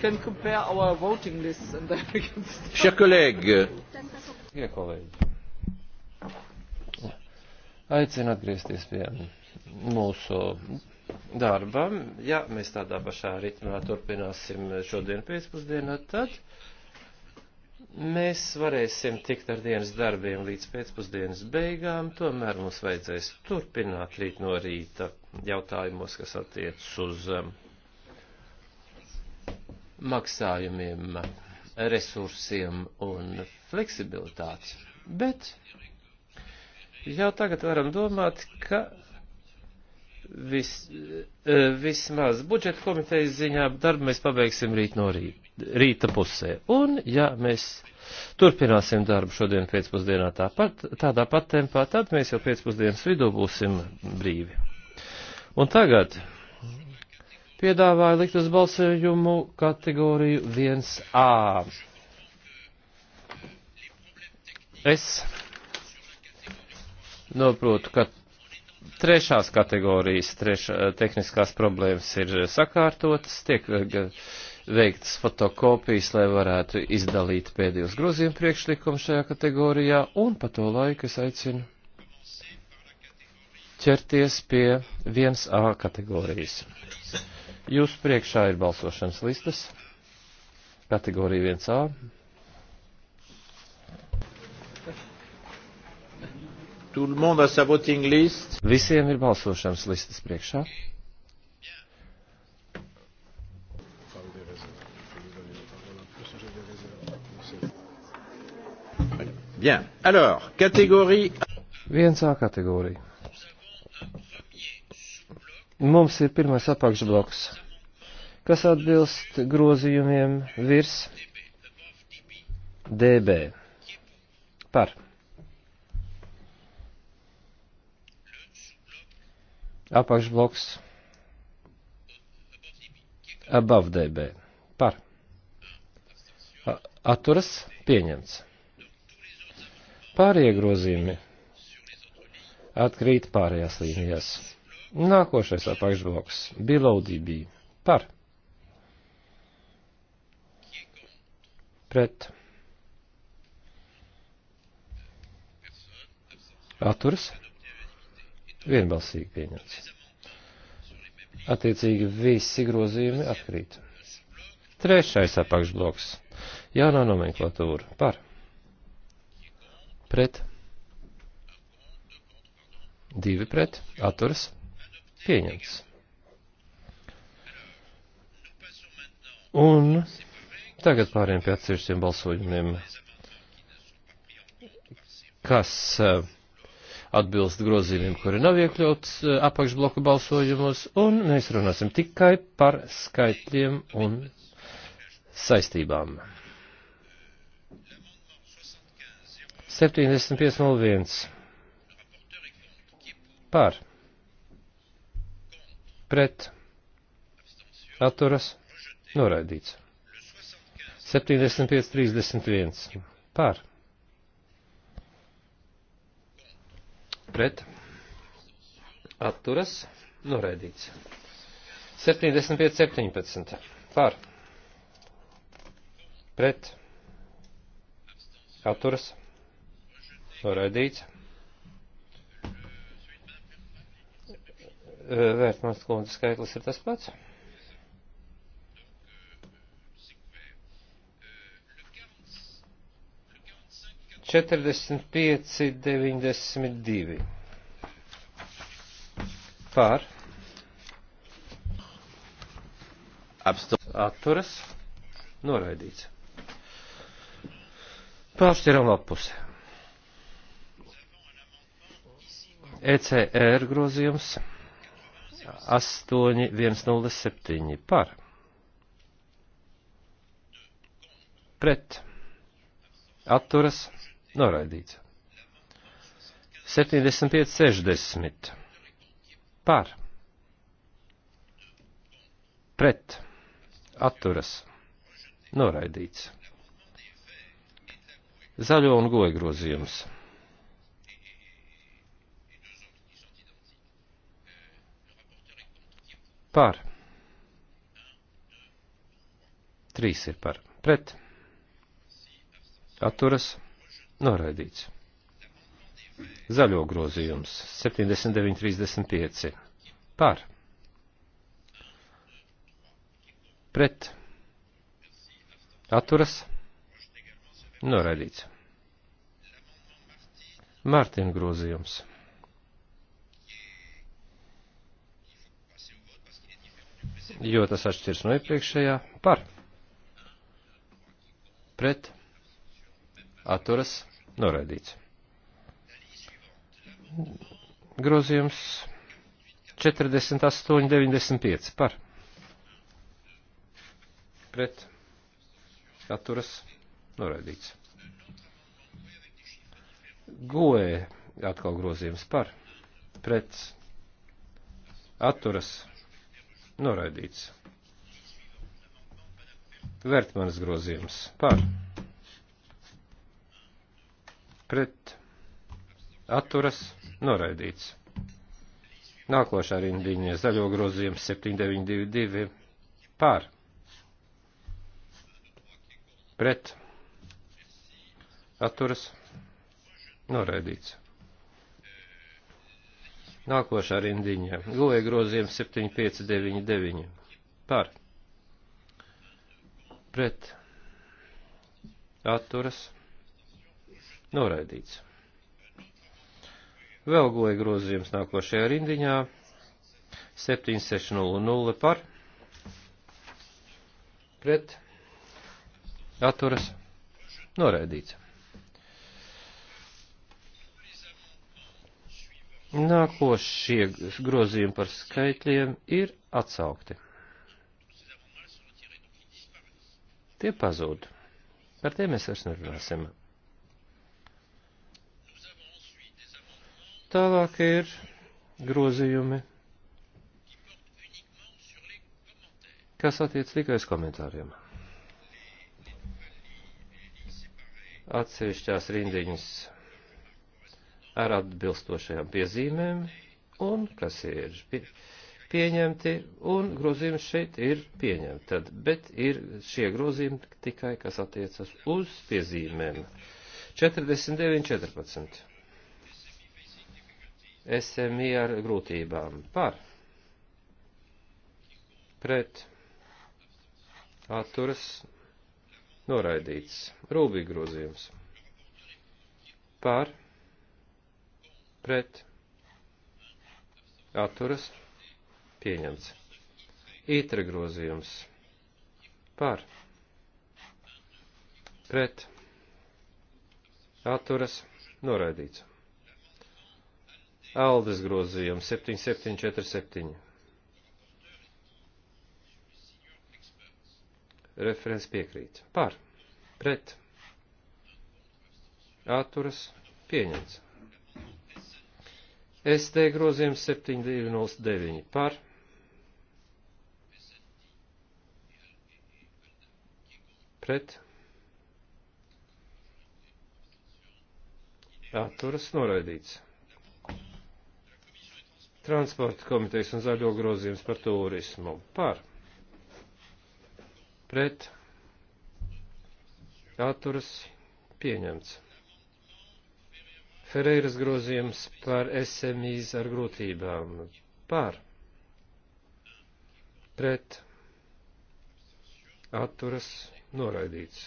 can compare our voting lists and then we can start. Chers collègues. Dear kolēģi. Aicinu atgriezties pie mūsu darbam. Ja mēs tādā pašā ritmā turpināsim šodien pēcpusdienā, tad mēs varēsim tikt ar dienas darbiem līdz pēcpusdienas beigām, tomēr mums vajadzēs turpināt rīt no rīta jautājumos, kas attiec uz um, maksājumiem, resursiem un fleksibilitātes. Bet jau tagad varam domāt, ka vis, e, vismaz budžeta komitejas ziņā darbu mēs pabeigsim rīt no rīta, rīta pusē. Un, ja mēs turpināsim darbu šodien pēcpusdienā tāpat, tādā pat tempā, tad mēs jau pēcpusdienas vidū būsim brīvi. Un tagad piedāvāju likt uz balsējumu kategoriju 1A. Es noprotu, ka trešās kategorijas trešā, tehniskās problēmas ir sakārtotas, tiek veiktas fotokopijas, lai varētu izdalīt pēdējos grozījumu priekšlikumu šajā kategorijā, un pa to laiku es aicinu ķerties pie 1A kategorijas. Jūsu priekšā ir balsošanas listas. Kategorija 1A. Visiem ir balsošanas listas priekšā. Bien. Alors, catégorie. 1A kategorija. Mums ir pirmais apakšbloks, kas atbilst grozījumiem virs DB. Par. Apakšbloks above DB. Par. Atturas pieņemts. Pārējie grozījumi atkrīt pārējās līnijās. Nākošais apakšbloks - bilaudībī par. Pret. Atturs. Vienbalsīgi pieņemts. Attiecīgi visi grozījumi atkrīt. Trešais apakšbloks - jaunā nomenklatūra par. Pret. Divi pret. Atturs Pieņemts. Un tagad pāriem pie atsevišķiem balsojumiem, kas eh, atbilst grozījumiem, kuri nav iekļauts eh, apakšbloku balsojumos, un mēs runāsim tikai par skaitļiem un saistībām. 75.01 par pret atturas noraidīts. 75.31 par pret atturas noraidīts. 75.17 par pret atturas noraidīts. Vērtmans kundze skaitlis ir tas pats. Četrdesmit pieci, deviņdesmit divi. Pār. Atturas. Noraidīts. Pāršķiram lapusē. ECR grozījums. 8107 par. Pret. Atturas. Noraidīts. 7560 par. Pret. Atturas. Noraidīts. Zaļo un goja grozījums. par. Trīs ir par. Pret. Atturas. Noraidīts. Zaļo grozījums 79.35. Par. Pret. Atturas. Noraidīts. Mārtiņa grozījums 79.35. jo tas atšķirs no iepriekšējā par pret atturas noraidīts. Grozījums 48,95 par pret atturas noraidīts. Goē atkal grozījums par pret atturas Noraidīts. Vērtmanas grozījums. Par. Pret. Atturas. Noraidīts. Nākošā rindiņa zaļo grozījums 7922. Par. Pret. Atturas. Noraidīts. Nākošā rindiņa. Goja grozījums 7599. Par. Pret. Atturas. Noraidīts. Vēl goja grozījums nākošajā rindiņā. 7600 par. Pret. Atturas. Noraidīts. Nākošie grozījumi par skaitļiem ir atsaukti. Tie pazūd. Par tiem mēs vairs nerunāsim. Tālāk ir grozījumi, kas attiec tikai uz komentāriem. Atsevišķās rindiņas ar atbilstošajām piezīmēm un kas ir pieņemti, un grozījumi šeit ir pieņemti, tad, bet ir šie grozījumi tikai, kas attiecas uz piezīmēm. 49.14. SMI ar grūtībām par pret atturas noraidīts rūbīgi grozījums par pret pret atturas pieņemts. Ītra grozījums par pret atturas noraidīts. Aldes grozījums 7747. Referents piekrīt. Par. Pret. Atturas. Pieņemts. ST grozījums 7209 par. Pret. Atturas noraidīts. Transporta komitejas un zaļo grozījums par turismu. Par. Pret. Atturas pieņemts. Ferreiras grozījums par SMIs ar grūtībām. Par. Pret. Atturas. Noraidīts.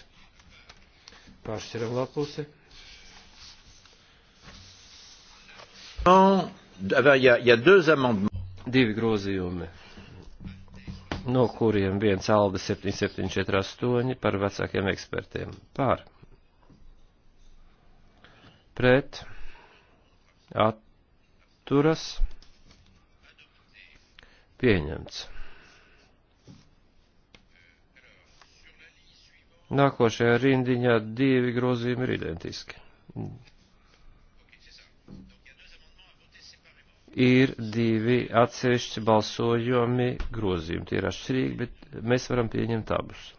Pāršķiram lapusi. Divi grozījumi, no kuriem viens alda 7748 par vecākiem ekspertiem. Pār pret atturas pieņemts. Nākošajā rindiņā divi grozījumi ir identiski. Ir divi atsevišķi balsojumi grozījumi. Tie ir atšķirīgi, bet mēs varam pieņemt abus.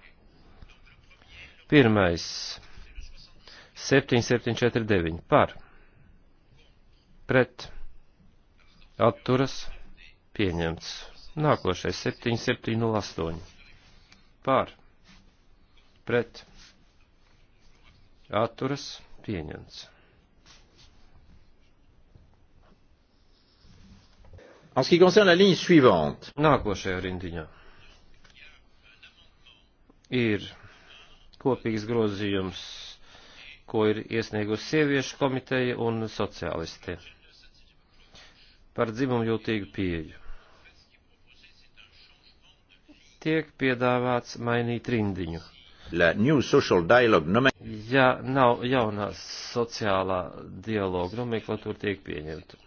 Pirmais 7749 par pret atturas pieņemts. Nākošais 7708 par pret atturas pieņemts. En ce qui concerne la ligne suivante. Nākošajā rindiņā ir kopīgs grozījums ko ir iesniegusi sieviešu komiteja un sociālisti par dzimumjūtīgu pieeju. Tiek piedāvāts mainīt rindiņu. Ja nav jaunā sociālā dialoga nomenklatūra tiek pieņemta.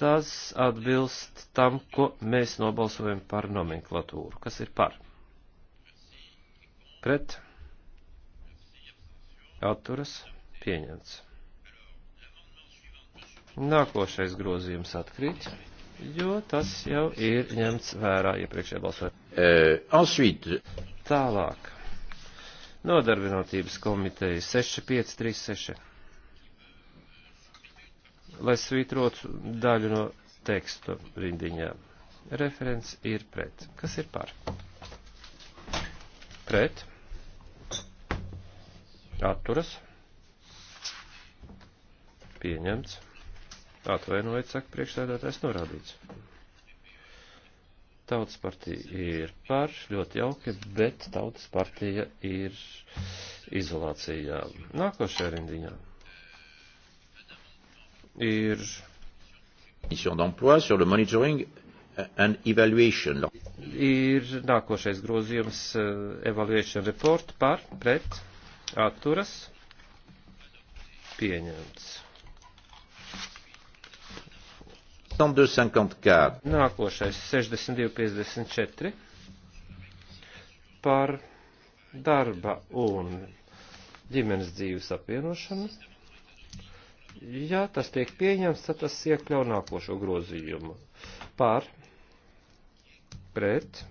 Tas atbilst tam, ko mēs nobalsojam par nomenklatūru. Kas ir par? Pret? Atturas pieņemts. Nākošais grozījums atkrīt, jo tas jau ir ņemts vērā iepriekšējā balsojumā. Uh, ensuite. Tālāk. Nodarbinātības komiteja 6536. Lai svītrotu daļu no tekstu rindiņā. Referents ir pret. Kas ir par? Pret. Atturas. Pieņemts. Atvainojiet, saka priekšsēdētājs norādīts. Tautas partija ir par, ļoti jauki, bet tautas partija ir izolācijā. Nākošajā rindiņā ir. Mission d'emploi sur le monitoring and evaluation. Ir nākošais grozījums eh, evaluation report par, pret atturas pieņemts. Nākošais 62.54 par darba un ģimenes dzīves apvienošanu. Ja tas tiek pieņemts, tad tas iekļauj nākošo grozījumu. Par, pret,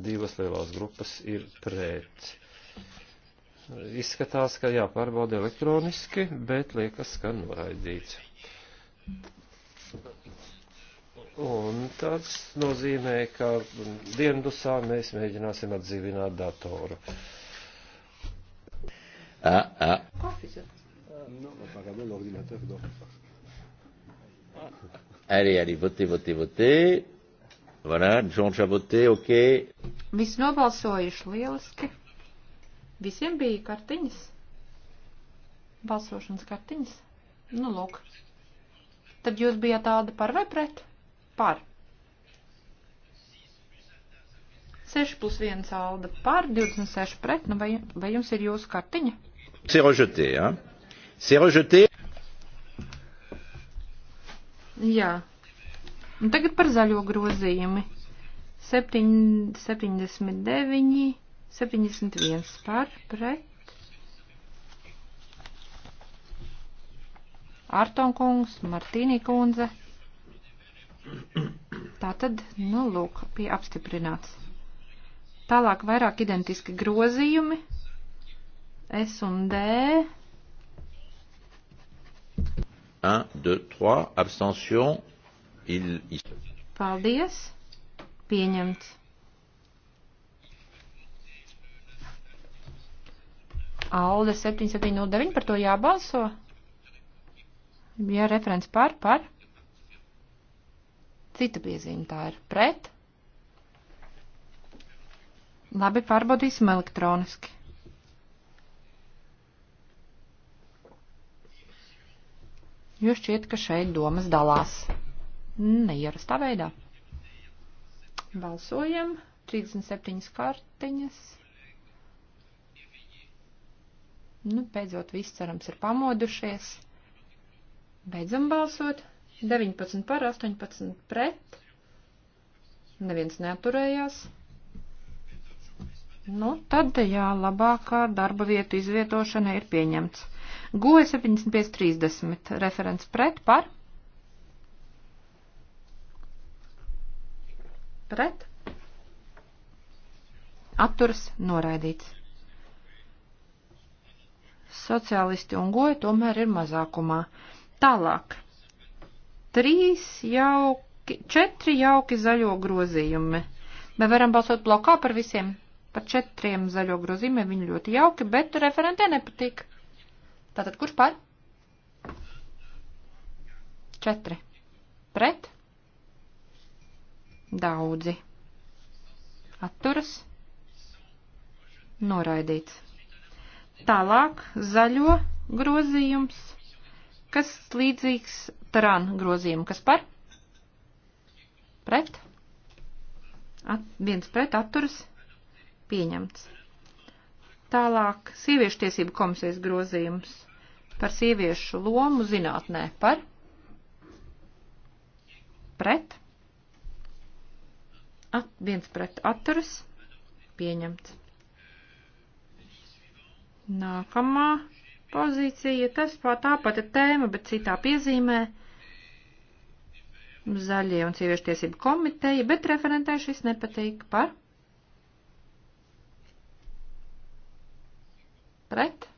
divas lielās grupas ir pret. Izskatās, ka jāpārbauda elektroniski, bet liekas, ka noraidīts. Un tas nozīmē, ka diendusā mēs mēģināsim atdzīvināt datoru. Ah, ah. Allez, allez, votez, votez, votez. Voilà, Džons Šabotē, ok. Visi nobalsojuši lieliski. Visiem bija kartiņas. Balsošanas kartiņas. Nu, lūk. Tad jūs bijāt tāda par vai pret? Par. 6 plus 1 alda par, 26 pret, nu vai, vai jums ir jūsu kartiņa? C'est rejeté, hein? C'est rejeté. Jā, Un tagad par zaļo grozījumi. 7, 79, 71 par, pret. Artonkungs, Martīnī kundze. Tātad, nu, lūk, pie apstiprināts. Tālāk vairāk identiski grozījumi. S un D. 1, 2, 3, abstention Il... Paldies. Pieņemts. Alde 7709 par to jābalso. Jā, referents par, par. Cita piezīme tā ir pret. Labi, pārbaudīsim elektroniski. Jo šķiet, ka šeit domas dalās neierastā veidā. Balsojam. 37 kartiņas. Nu, beidzot, viss cerams ir pamodušies. Beidzam balsot. 19 par, 18 pret. Neviens neaturējās. Nu, tad, jā, labākā darba vietu izvietošana ir pieņemts. Goja 75.30, referents pret par. Pret. Atturs noraidīts. Sociālisti un goja tomēr ir mazākumā. Tālāk. Trīs jauki, četri jauki zaļo grozījumi. Mēs varam balsot blokā par visiem. Par četriem zaļo grozījumiem viņi ļoti jauki, bet referentē nepatīk. Tātad kurš par? Četri. Pret? daudzi atturas noraidīts. Tālāk zaļo grozījums, kas līdzīgs taran grozījumu, kas par pret, at, viens pret atturas pieņemts. Tālāk sieviešu tiesību komisijas grozījums par sieviešu lomu zinātnē par pret At, viens pret atturas pieņemts. Nākamā pozīcija, tas pār tā pati tēma, bet citā piezīmē. Zaļie un sieviešu tiesību komiteja, bet referentē šis nepatīk par. Pret.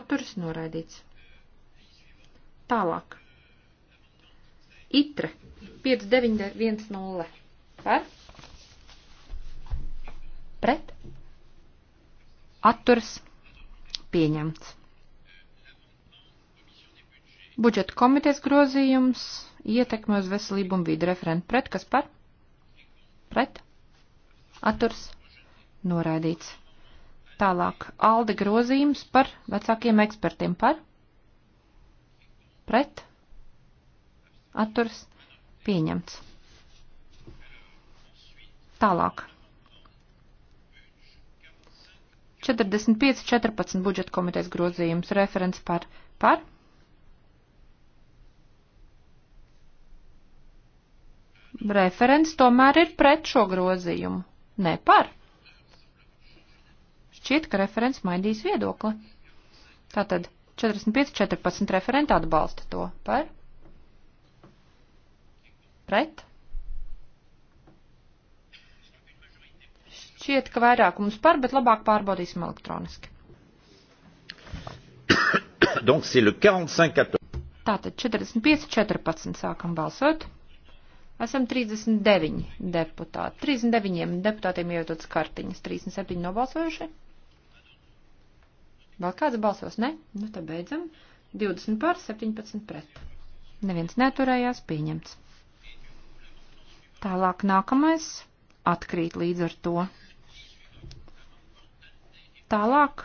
Atturis noraidīts. Tālāk. Itre 5910 par pret atturas pieņemts. Budžeta komitejas grozījums ietekme uz veselību un vidu referentu pret, kas par? Pret? Aturs? Noraidīts. Tālāk, alde grozījums par vecākiem ekspertiem par? Pret? atturas pieņemts. Tālāk. 45.14 budžeta komitejas grozījums referents par par. Referents tomēr ir pret šo grozījumu, ne par. Šķiet, ka referents mainīs viedokli. Tātad 45.14 referenta atbalsta to par. Pret? Šķiet, ka vairākums par, bet labāk pārbaudīsim elektroniski. Donc, c'est le 45-14. Tātad 45-14 sākam balsot. Esam 39 deputāti. 39 deputātiem ievietotas kartiņas. 37 nobalsojuši. Vēl kāds balsos? Ne? Nu, tad beidzam. 20 pār 17 pret. Neviens neturējās pieņemts. Tālāk nākamais atkrīt līdz ar to. Tālāk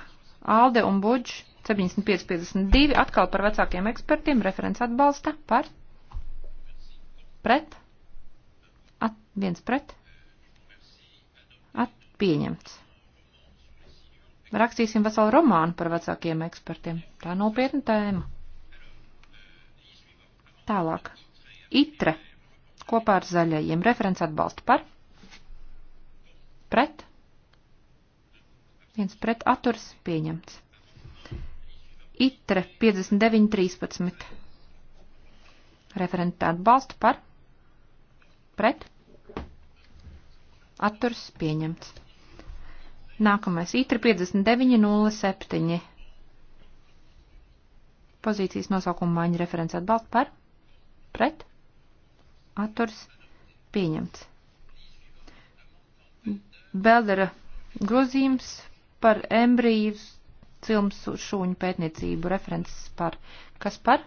Alde un Budž 75-52 atkal par vecākiem ekspertiem referents atbalsta par pret. At, viens pret. At, pieņemts. Rakstīsim veselu romānu par vecākiem ekspertiem. Tā nopietna tēma. Tālāk. Itre kopā ar zaļajiem. Referents atbalsta par. Pret. Viens pret atturs pieņemts. Itre 59.13. Referenta atbalsta par. Pret. Atturs pieņemts. Nākamais itre 59.07. Pozīcijas nosaukuma maiņa referents atbalsta par. Pret atturs pieņemts. Beldera grozījums par embriju cilms šūņu pētniecību references par. Kas par?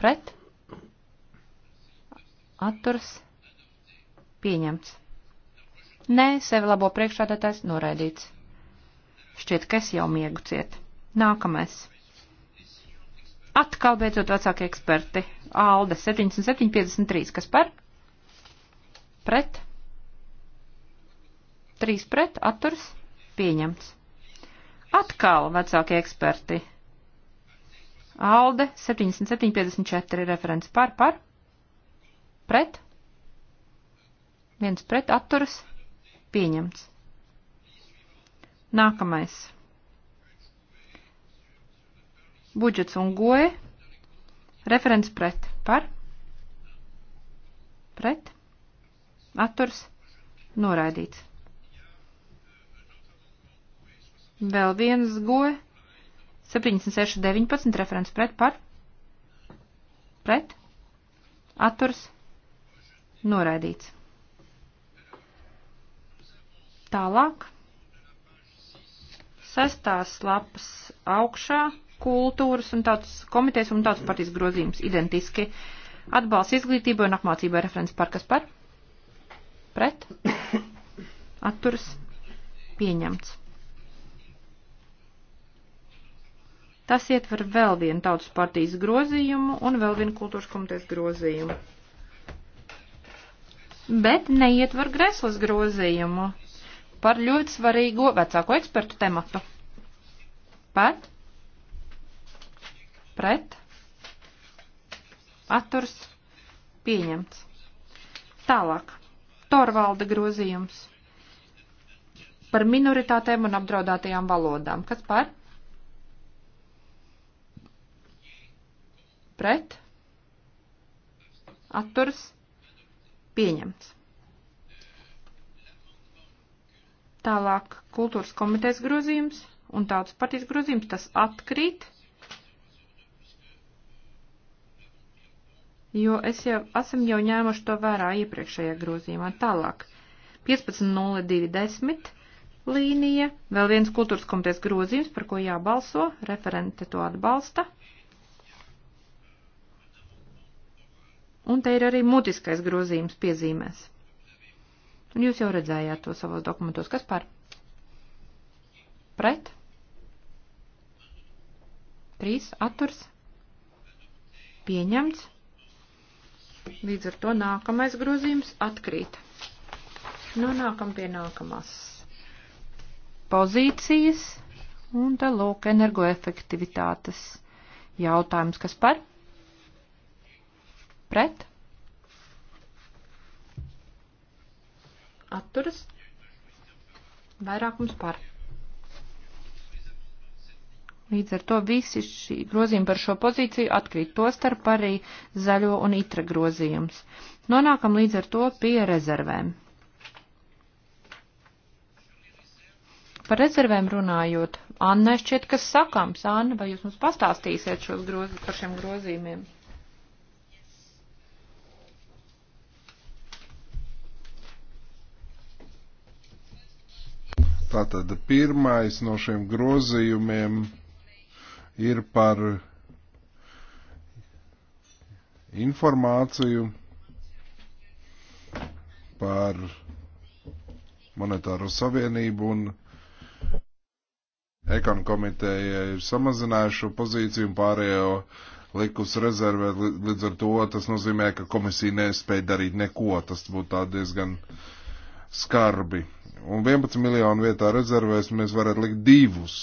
Pret? Atturs pieņemts. Nē, sevi labo priekšādātājs noraidīts. Šķiet, ka es jau miegu ciet. Nākamais. Atkal beidzot vecāki eksperti. Alde 7753, kas par? Pret. 3 pret, atturs, pieņemts. Atkal vecāki eksperti. Alde 7754 referents par par. Pret. 1 pret, atturs, pieņemts. Nākamais budžets un goe, referents pret, par, pret, atturs, noraidīts. Vēl viens goe, 76, 19, referents pret, par, pret, atturs, noraidīts. Tālāk. Sestās lapas augšā kultūras un tautas komitejas un tautas partijas grozījums identiski. Atbalsts izglītībai un apmācībai referents par kas par? Pret? Atturs? Pieņemts. Tas ietver vēl vienu tautas partijas grozījumu un vēl vienu kultūras komitejas grozījumu. Bet neietver Greslas grozījumu par ļoti svarīgo vecāko ekspertu tematu. Pat pret, atturs, pieņemts. Tālāk, Torvalda grozījums par minoritātēm un apdraudētajām valodām. Kas par? Pret, atturs, pieņemts. Tālāk kultūras komitejas grozījums un tautas partijas grozījums, tas atkrīt. jo es jau esam jau ņēmuši to vērā iepriekšējā grozījumā. Tālāk. 15.02.10 līnija, vēl viens kultūras komitejas grozījums, par ko jābalso, referente to atbalsta. Un te ir arī mutiskais grozījums piezīmēs. Un jūs jau redzējāt to savos dokumentos. Kas par? Pret? Trīs atturs? Pieņemts? Līdz ar to nākamais grozījums atkrīt. Nu, nākam pie nākamās pozīcijas, un tā lūk energoefektivitātes jautājums, kas par? Pret? Atturas? Vairākums par. Līdz ar to visi šī grozījumi par šo pozīciju atkrīt to starp arī zaļo un itra grozījums. Nonākam līdz ar to pie rezervēm. Par rezervēm runājot, Anna šķiet, kas sakāms. Anna, vai jūs mums pastāstīsiet šos grozi, par šiem grozījumiem? Tātad pirmais no šiem grozījumiem ir par informāciju par monetāro savienību un ekonu komiteja ir samazinājuši pozīciju un pārējo likus rezervē, līdz ar to tas nozīmē, ka komisija nespēja darīt neko, tas būtu tā diezgan skarbi. Un 11 miljonu vietā rezervēs mēs varētu likt divus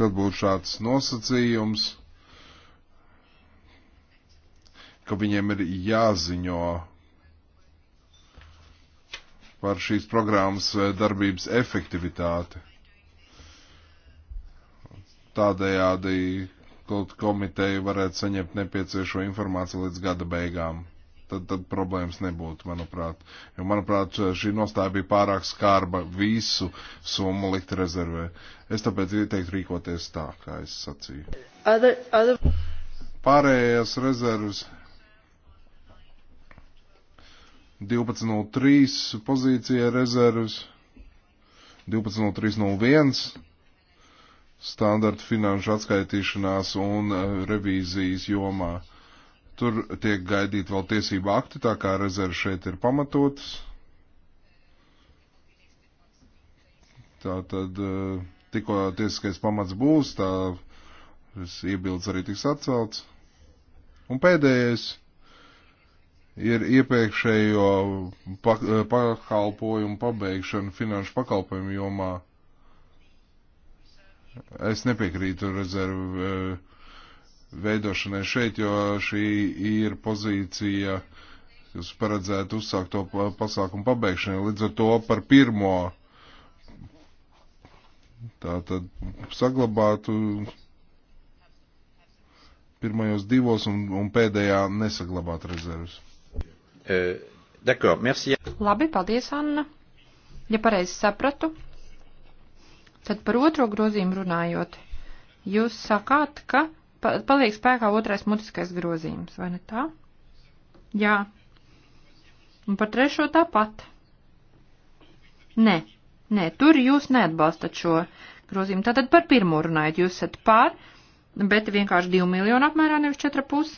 Tad būs šāds nosacījums, ka viņiem ir jāziņo par šīs programmas eh, darbības efektivitāti. Tādējādi komiteja varētu saņemt nepieciešamo informāciju līdz gada beigām tad, tad problēmas nebūtu, manuprāt. Jo, manuprāt, šī nostāja bija pārāk skarba visu summu likt rezervē. Es tāpēc ieteiktu rīkoties tā, kā es sacīju. Other, other... Pārējās rezervas 12.03 pozīcija rezervas 12.03.01 standarta finanšu atskaitīšanās un eh, revīzijas jomā. Tur tiek gaidīt vēl tiesību akti, tā kā rezerve šeit ir pamatotas. Tā tad eh, tikko tiesiskais pamats būs, tā šis iebilds arī tiks atcelts. Un pēdējais ir iepriekšējo eh, pakalpojumu pabeigšana finanšu pakalpojumu jomā. Es nepiekrītu rezervu eh, veidošanai šeit, jo šī ir pozīcija, jūs paredzētu uzsākt to pasākumu pabeigšanai. Līdz ar to par pirmo tātad saglabātu pirmajos divos un, un pēdējā nesaglabāt rezervus. E, Labi, paldies, Anna. Ja pareizi sapratu, tad par otro grozījumu runājot, jūs sakāt, ka pa, paliek spēkā otrais mutiskais grozījums, vai ne tā? Jā. Un par trešo tāpat. Nē, nē, tur jūs neatbalstat šo grozījumu. Tātad par pirmo runājat, jūs esat pār, bet vienkārši 2 miljonu apmērā, nevis 4,5.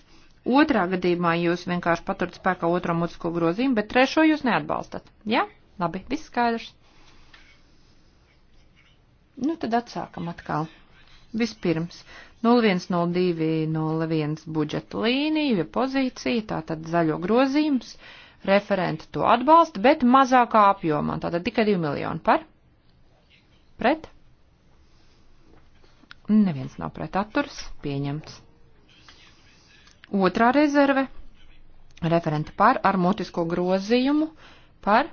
Otrā gadījumā jūs vienkārši paturat spēkā otro mutisko grozījumu, bet trešo jūs neatbalstat. Jā? Ja? Labi, viss skaidrs. Nu, tad atsākam atkal. Vispirms, 010201 budžeta līniju, ja pozīcija, tātad zaļo grozījums, referenta to atbalsta, bet mazākā apjomā, tātad tikai 2 miljoni par. Pret? Neviens nav pret atturs, pieņemts. Otrā rezerve, referenta par, ar mutisko grozījumu, par,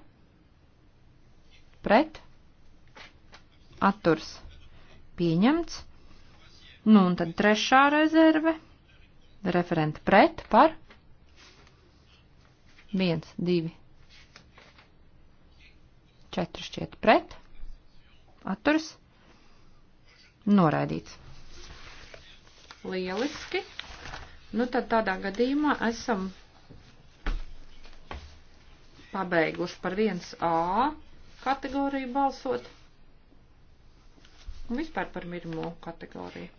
pret, atturs, pieņemts. Nu, un tad trešā rezerve. Referenti pret par. Viens, divi. Četri šķiet pret. Atturs. Noraidīts. Lieliski. Nu, tad tādā gadījumā esam pabeiguši par 1A kategoriju balsot. Un vispār par mirmo kategoriju.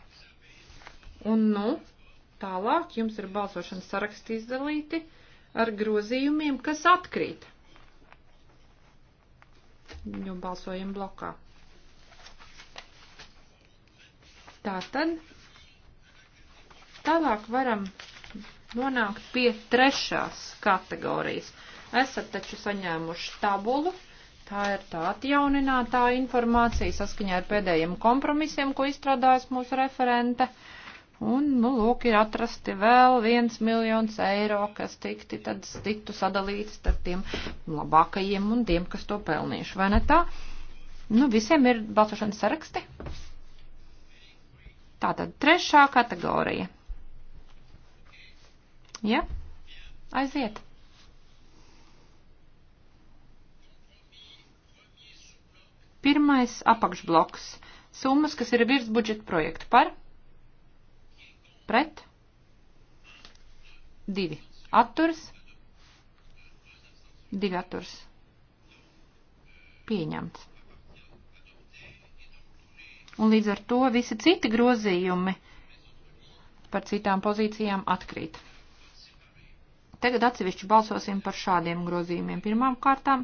Un, nu, tālāk jums ir balsošanas saraksti izdalīti ar grozījumiem, kas atkrīt. Jo balsojam blokā. Tātad, tālāk varam nonākt pie trešās kategorijas. Esat taču saņēmuši tabulu, tā ir tā atjauninātā informācija saskaņā ar pēdējiem kompromisiem, ko izstrādājas mūsu referente. Uh, Un, nu, lūk, ir atrasti vēl viens miljons eiro, kas tikti tad tiktu sadalīts starp tiem labākajiem un tiem, kas to pelnīšu, vai ne tā? Nu, visiem ir balsošanas saraksti. Tātad trešā kategorija. Ja? Aiziet. Pirmais apakšbloks. Summas, kas ir virs budžeta projekta par pret, divi atturs, divi atturs pieņemts. Un līdz ar to visi citi grozījumi par citām pozīcijām atkrīt. Tagad atsevišķi balsosim par šādiem grozījumiem. Pirmām kārtām,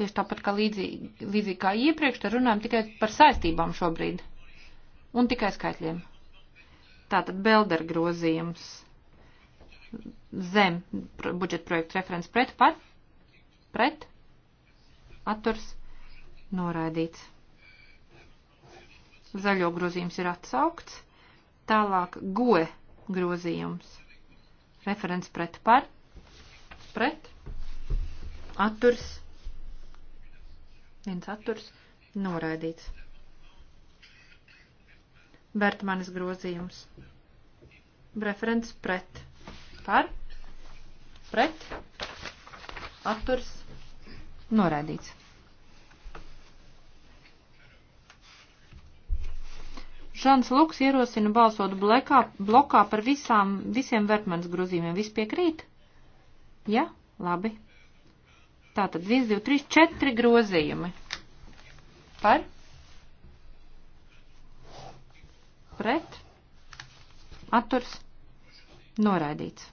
tieši tāpat kā līdzīgi, līdzīgi kā iepriekš, tad runājam tikai par saistībām šobrīd. Un tikai skaitļiem. Tātad Belder grozījums zem budžeta projekta referents pret par, pret, atturs, noraidīts. Zaļo grozījums ir atsaukts. Tālāk goe grozījums. Referents pret par, pret, atturs, viens atturs, noraidīts. Bertmanis grozījums. Referents pret. Par. Pret. Atturs. Noraidīts. Žans Luks ierosina balsot blekā, blokā par visām, visiem Vertmanas grozījumiem. Viss piekrīt? Ja? Labi. Tātad 1, 2, 3, 4 grozījumi. Par? pret, atturs, noraidīts.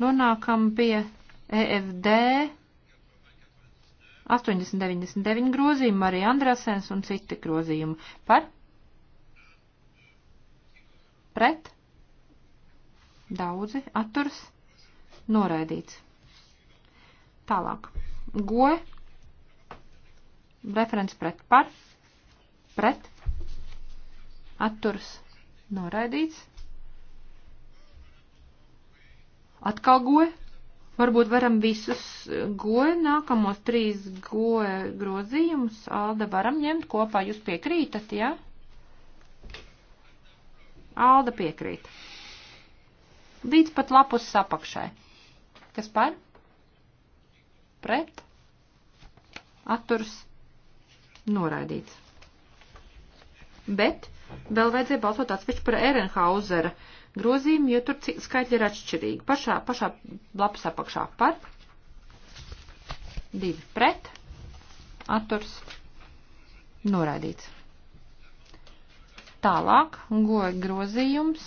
Nonākam pie EFD 899 grozījumu, arī Andrasens un citi grozījumi par, pret, daudzi, atturs, noraidīts. Tālāk. Goe, referents pret par, pret, atturs noraidīts. Atkal goja. Varbūt varam visus goja, nākamos trīs goja grozījumus, Alda, varam ņemt kopā, jūs piekrītat, jā? Ja? Alda piekrīt. Līdz pat lapus sapakšai. Kas par? Pret? Atturs noraidīts. Bet Vēl vajadzēja balsot atsevišķi par Ehrenhausera grozījumu, jo tur skaitļi ir atšķirīgi. Pašā, pašā lapas apakšā par. Divi pret. Atturs. Noraidīts. Tālāk goja grozījums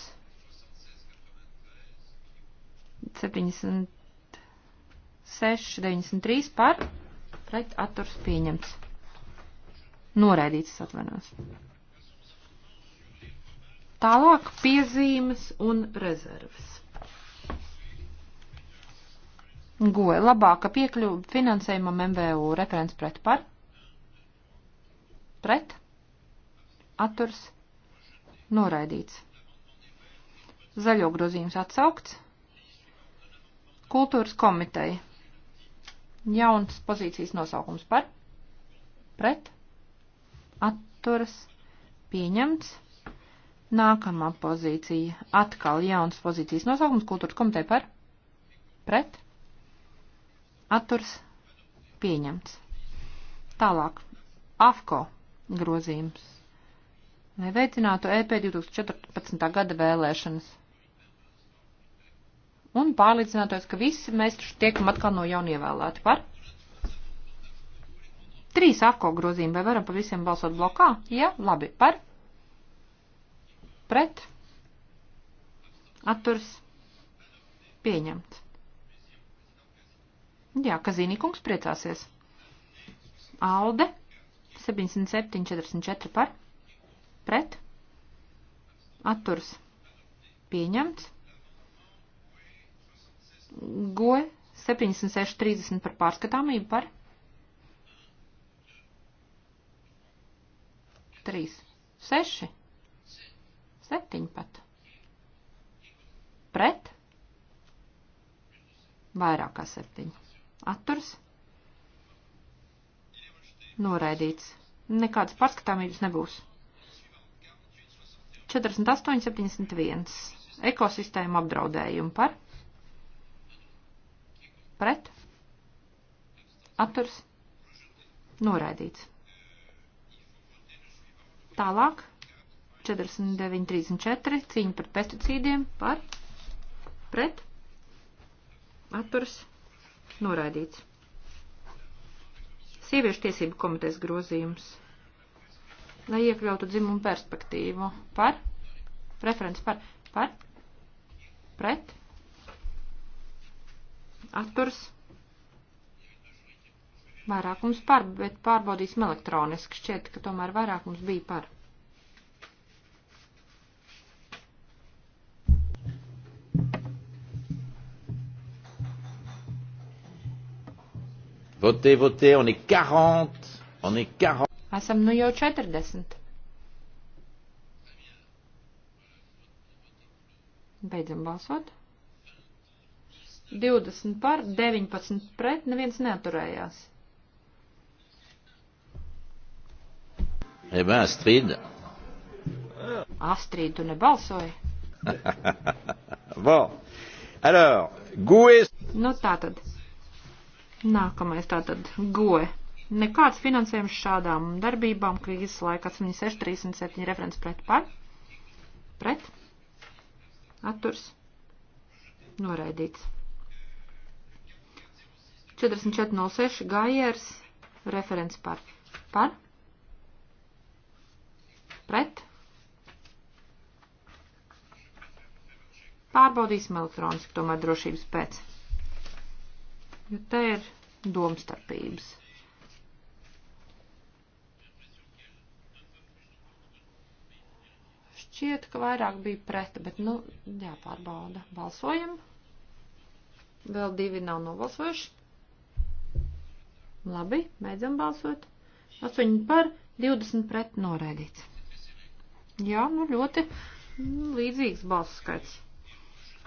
76, 93 par pret atturs pieņemts. Noraidīts atvainojums. Tālāk piezīmes un rezerves. Goja labāka piekļuva finansējumam MVU referents pret par? Pret? Atturs? Noraidīts. Zaļo grozījums atsaukts. Kultūras komiteja. Jauns pozīcijas nosaukums par? Pret? Atturas? Pieņemts. Nākamā pozīcija. Atkal jauns pozīcijas nosaukums kultūras komiteja par. Pret. Atturs. Pieņemts. Tālāk. AFCO grozījums. Lai veicinātu EP 2014. gada vēlēšanas. Un pārliecinātos, ka visi mēs tiekam atkal no jaunievēlēti par. Trīs AFCO grozījumi. Vai varam pa visiem balsot blokā? Jā, ja? labi. Par pret, atturs, pieņemts. Jā, Kazīnīkums priecāsies. Alde 77,44 par, pret, atturs, pieņemts. Goe 76,30 par pārskatāmību par 3, 6. Septiņi pat. Pret. Vairāk kā septiņi. Atturs. Noraidīts. Nekādas pārskatāmības nebūs. 48, 71. Ekosistēma apdraudējumu par. Pret. Atturs. Noraidīts. Tālāk 49.34 cīņa par pesticīdiem par pret atturas noraidīts. Sieviešu tiesību komitejas grozījums, lai iekļautu dzimumu perspektīvu par, preferences par, par, pret, atturs, vairākums par, bet pārbaudīsim elektroniski, šķiet, ka tomēr vairākums bija par. Votez, votez, on est 40, on est 40. Esam nu jau 40. Beidzam balsot. 20 par, 19 pret, neviens neaturējās. Eh ben, Astrid. Astrid, tu nebalsoji. bon. Alors, Gouet. Nu, tātad. Nākamais tātad goe. Nekāds finansējums šādām darbībām krīzes laikā 8637 referents pret par. Pret. Atturs. Noraidīts. 4406 Gājers referents par. Par. Pret. Pārbaudīsim elektroniski tomēr drošības pēc jo te ir domstarpības. šķiet, ka vairāk bija preta, bet, nu, jāpārbauda. Balsojam. Vēl divi nav nobalsojuši. Labi, beidzam balsot. 8 par 20 pret noraidīts. Jā, nu ļoti mm, līdzīgs balsu skaits.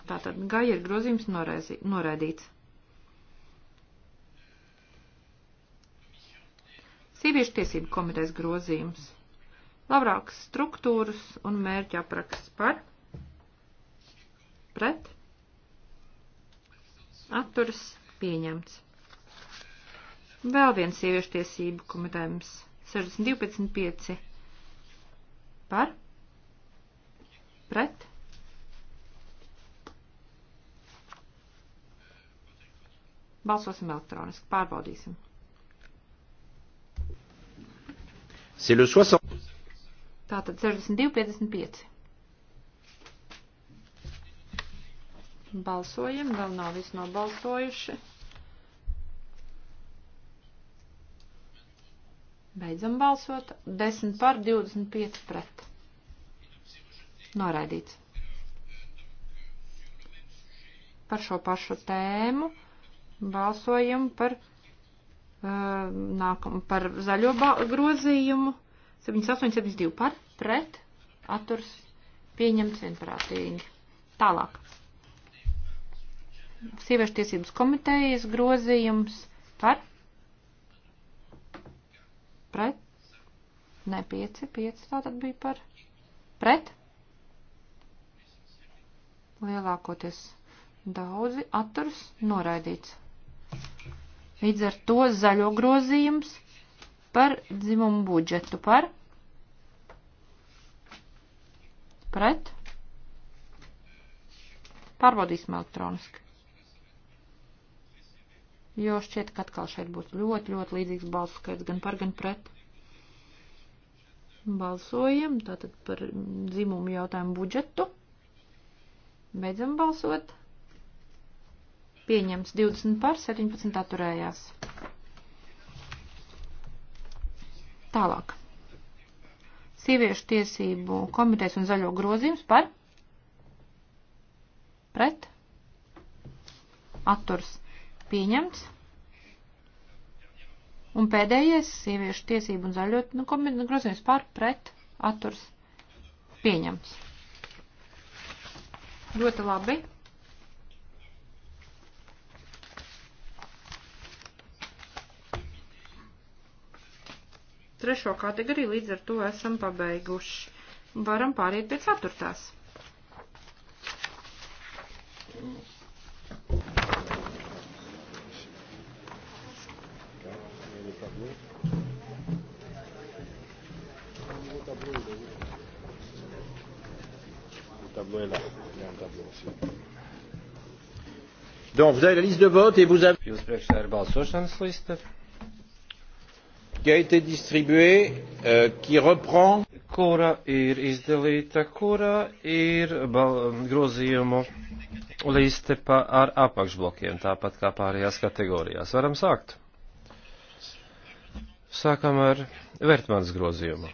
Tātad gaja ir grozījums noraidīts. Sieviešu tiesību komitejas grozījums. Labākas struktūras un mērķa apraksts par, pret, atturas pieņemts. Vēl viens sieviešu tiesību komitējums 62.5 par, pret, balsosim elektroniski, pārbaudīsim. C'est le 60. Tātad 62,55. Balsojam, vēl nav visi nobalsojuši. Beidzam balsot. 10 par 25 pret. Noraidīts. Par šo pašu tēmu balsojam par 62,55 nākam par zaļo grozījumu. 78, 72 par, pret, atturs, pieņemts vienprātīgi. Tālāk. Sieviešu tiesības komitejas grozījums par, pret, ne 5, 5 tātad bija par, pret, lielākoties daudzi atturs, noraidīts. Līdz ar to zaļo grozījums par dzimumu budžetu par pret. Pārbaudīsim elektroniski. Jo šķiet, ka atkal šeit būs ļoti, ļoti līdzīgs balsu skaits gan par, gan pret. Balsojam tātad par dzimumu jautājumu budžetu. Beidzam balsot. Pieņemts 20 par, 17 atturējās. Tālāk. Sieviešu tiesību komitejas un zaļo grozījums par pret atturs pieņemts. Un pēdējais sieviešu tiesību un zaļo nu, grozījums par pret atturs pieņemts. Ļoti labi. trešo kategoriju, līdz ar to esam pabeiguši. Varam pāriet pie ceturtās. Donc vous avez la liste de vote et vous avez. Jūs priekšā ir balsošanas liste qui a été distribuée, euh, qui reprend. Kura ir izdalīta, kura ir grozījumu liste pa, ar apakšblokiem, tāpat kā pārējās kategorijās. Varam sākt. Sākam ar Vertmanas grozījumu.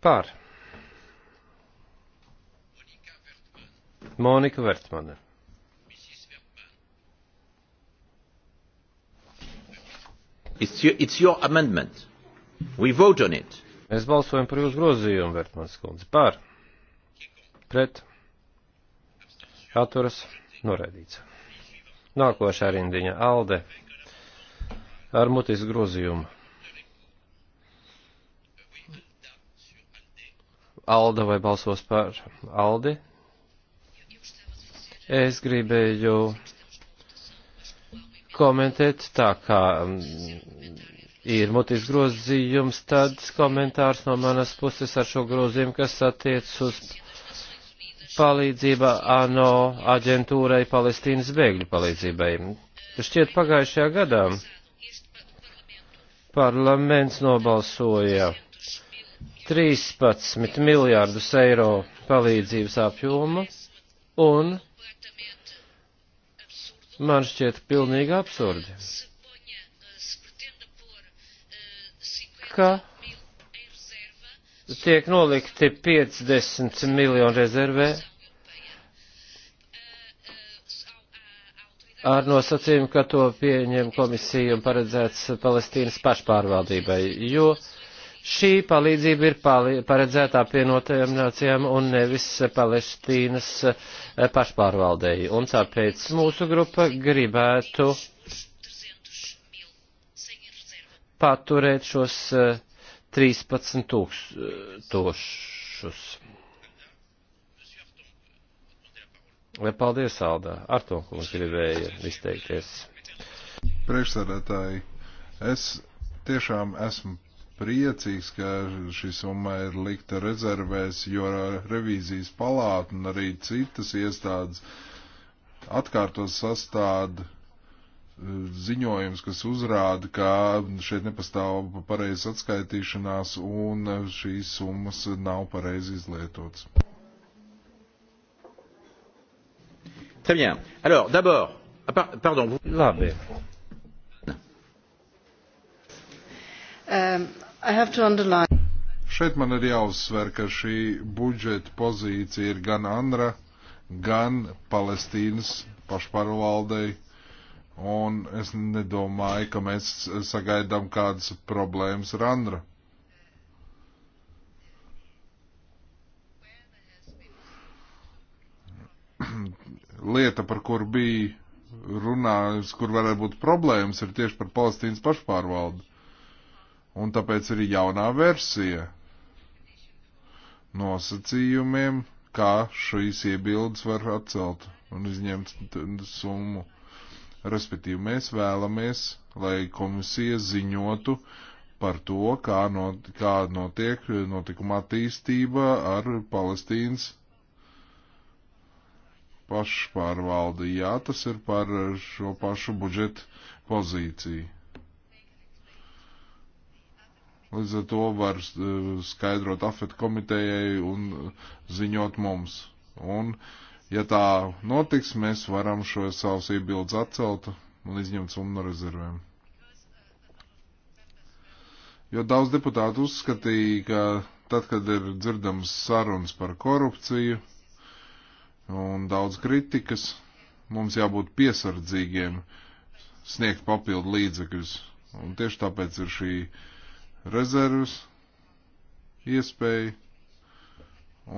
Pār. Monika Vertmane. It's your, it's your amendment. We vote on it. Mēs balsojam par jūsu grozījumu, Vertmans kundze. Par. Pret. Atturas. Noraidīts. Nākošā rindiņa. Alde. Ar mutis grozījumu. Alda vai balsos par Aldi? Es gribēju komentēt, tā kā mm, ir mutis grozījums, tad komentārs no manas puses ar šo grozījumu, kas attiec uz palīdzība ANO aģentūrai Palestīnas bēgļu palīdzībai. Šķiet pagājušajā gadā parlaments nobalsoja 13 miljārdus eiro palīdzības apjomu un man šķiet pilnīgi absurdi, ka tiek nolikti 50 miljoni rezervē ar nosacījumu, ka to pieņem komisija un paredzēts Palestīnas pašpārvaldībai, jo uh, Šī palīdzība ir paredzēta apvienotajām nācijām un nevis Palestīnas eh, pašpārvaldēji. Un tāpēc mūsu grupa gribētu paturēt šos 13 eh, tūkstošus. Lai paldies, Aldā. Ar to, ko gribēja izteikties. Priekšsēdētāji, es tiešām esmu priecīgs, ka šī summa ir likta rezervēs, jo revīzijas palāta un arī citas iestādes atkārtos sastāda e, ziņojums, kas uzrāda, ka šeit nepastāv pareizs atskaitīšanās un šīs summas nav pareizi izlietotas. Très bien. Alors, d'abord, ah, par, pardon, vous... Labi. Um, Šeit man ir jāuzsver, ka šī budžeta pozīcija ir gan ANRA, gan Palestīnas pašpārvaldei, un es nedomāju, ka mēs sagaidām kādas problēmas ar ANRA. Lieta, par kur bija runājums, kur varētu būt problēmas, ir tieši par Palestīnas pašpārvaldi Un tāpēc ir jaunā versija nosacījumiem, kā šīs iebildes var atcelt un izņemt summu. Respektīvi, mēs vēlamies, lai komisija ziņotu par to, kā, not, kā notiek notikuma attīstība ar Palestīnas pašpārvaldi. Jā, tas ir par šo pašu budžetu pozīciju. Līdz ar to var eh, skaidrot afet komitejai un eh, ziņot mums. Un, ja tā notiks, mēs varam šo savus iebildus atcelt un izņemt summu no rezervēm. Jo daudz deputātu uzskatīja, ka tad, kad ir dzirdams sarunas par korupciju un daudz kritikas, mums jābūt piesardzīgiem sniegt papildu līdzekļus. Un tieši tāpēc ir šī uh, rezervas iespēju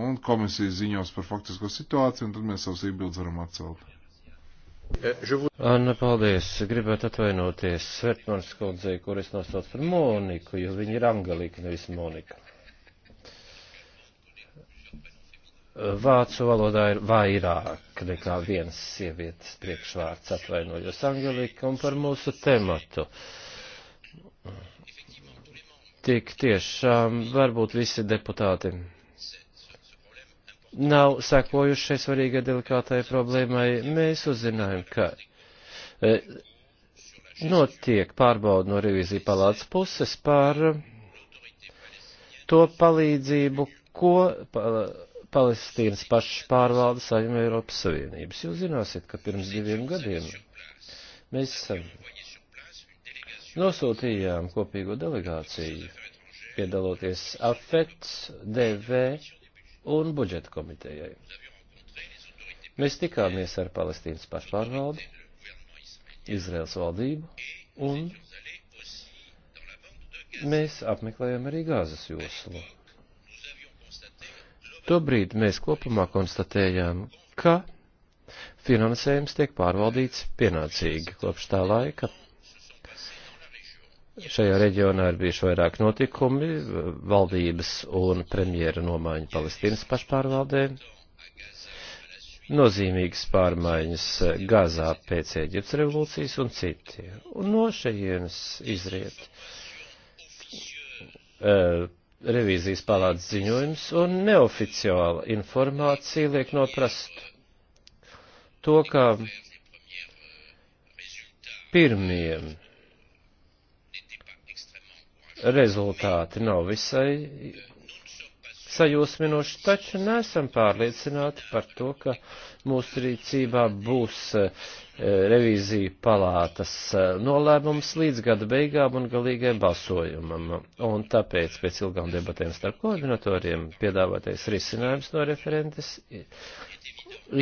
un komisijas ziņos par faktisko situāciju, un tad mēs savus iebildes varam atcelt. Anna, paldies. Gribētu atvainoties Svertmanas kundzei, kur es nosaucu par Moniku, jo viņa ir Angelika, nevis Monika. Vācu valodā ir vairāk nekā viens sievietes priekšvārds, atvainojos Angelika, un par mūsu tematu. Uh, tik tiešām varbūt visi deputāti nav sekojušai svarīgai delikātai problēmai. Mēs uzzinājām, ka e, notiek pārbauda no revizija palātas puses par to palīdzību, ko pa, Palestīnas pašas pārvalda saņem Eiropas Savienības. Jūs zināsiet, ka pirms diviem gadiem mēs esam. E, Nosūtījām kopīgo delegāciju, piedaloties AFET, DV un budžeta komitejai. Mēs tikāmies ar Palestīnas pašpārvaldi, Izraels valdību un mēs apmeklējam arī gāzes joslu. Tobrīd mēs kopumā konstatējām, ka finansējums tiek pārvaldīts pienācīgi kopš tā laika. Šajā reģionā ir bijuši vairāk notikumi, valdības un premjera nomaiņa Palestīnas pašpārvaldē, nozīmīgas pārmaiņas Gazā pēc Eģiptes revolūcijas un citi. Un no šajienes izriet uh, revīzijas palātas ziņojums un neoficiāla informācija liek noprast to, ka pirmiem rezultāti nav visai sajūsminoši, taču nesam pārliecināti par to, ka mūsu rīcībā būs eh, revīzija palātas eh, nolēmums līdz gada beigām un galīgajam balsojumam. Un tāpēc pēc ilgām debatēm starp koordinatoriem piedāvātais risinājums no referentes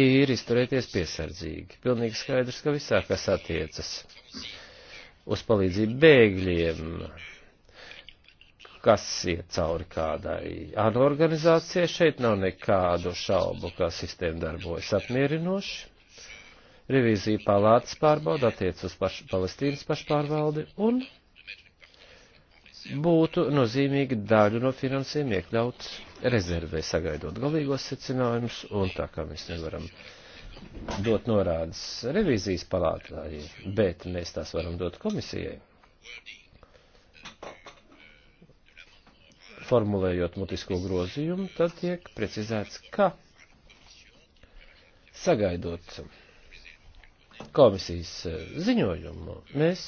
ir izturēties piesardzīgi. Pilnīgi skaidrs, ka visā, kas attiecas uz palīdzību bēgļiem, kas iet cauri kādai anorganizācijai. Šeit nav nekādu šaubu, ka sistēma darbojas apmierinoši. Revīzija palātas pārbauda attiec uz paš, Palestīnas pašpārvaldi un būtu nozīmīgi daļu no finansēm iekļaut rezervē, sagaidot galīgos secinājumus, un tā kā mēs nevaram dot norādes revīzijas palātai, bet mēs tās varam dot komisijai. formulējot mutisko grozījumu, tad tiek precizēts, ka sagaidot komisijas e, ziņojumu, mēs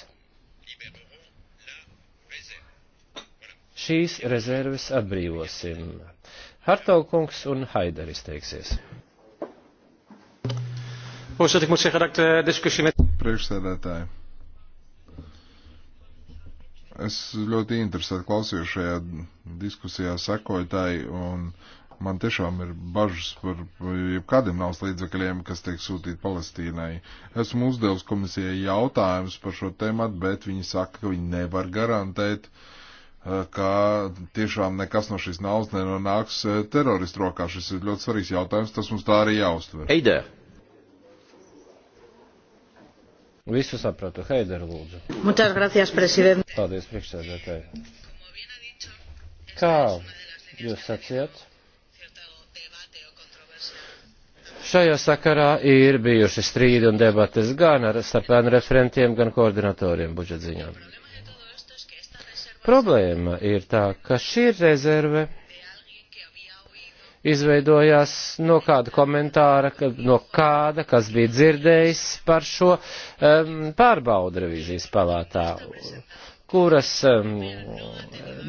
šīs rezerves atbrīvosim. Hartaukungs un Haideris teiksies. Eh, Priekšsēdētāji. Es ļoti interesēti klausījos šajā diskusijā sekotāji, un man tiešām ir bažas par jebkādiem naudas līdzekļiem, kas tiek sūtīti Palestīnai. Esmu uzdevusi komisijai jautājumus par šo tēmatu, bet viņi saka, ka viņi nevar garantēt, eh, ka tiešām nekas no šīs naudas nenonāks eh, teroristu rokā. Šis ir ļoti svarīgs jautājums, tas mums tā arī jāuztver. Eidē! Hey Visu sapratu. Heider, lūdzu. Muchas gracias, prezident. Paldies, priekšsēdētāji. Kā jūs sacījāt? Šajā sakarā ir bijuši strīdi un debates gan ar starpēnu referentiem, gan koordinatoriem budžetziņām. Problēma ir tā, ka šī rezerve izveidojās no kāda komentāra, no kāda, kas bija dzirdējis par šo um, pārbaudu revīzijas palātā, kuras um,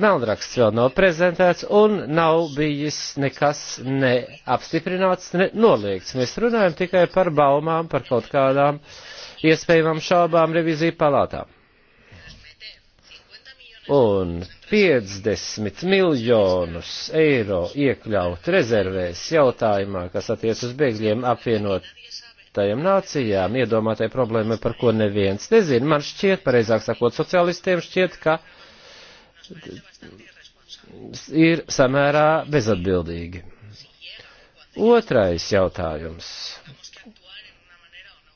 meldraksts vēl nav prezentēts un nav bijis nekas neapstiprināts, ne noliegts. Mēs runājam tikai par baumām, par kaut kādām iespējamām šaubām revīzija palātām. Un 50 miljonus eiro iekļaut rezervēs jautājumā, kas attiec uz bēgļiem apvienotajiem nācijām, iedomātai problēmai, par ko neviens nezin. Man šķiet, pareizāk sakot, socialistiem šķiet, ka ir samērā bezatbildīgi. Otrais jautājums.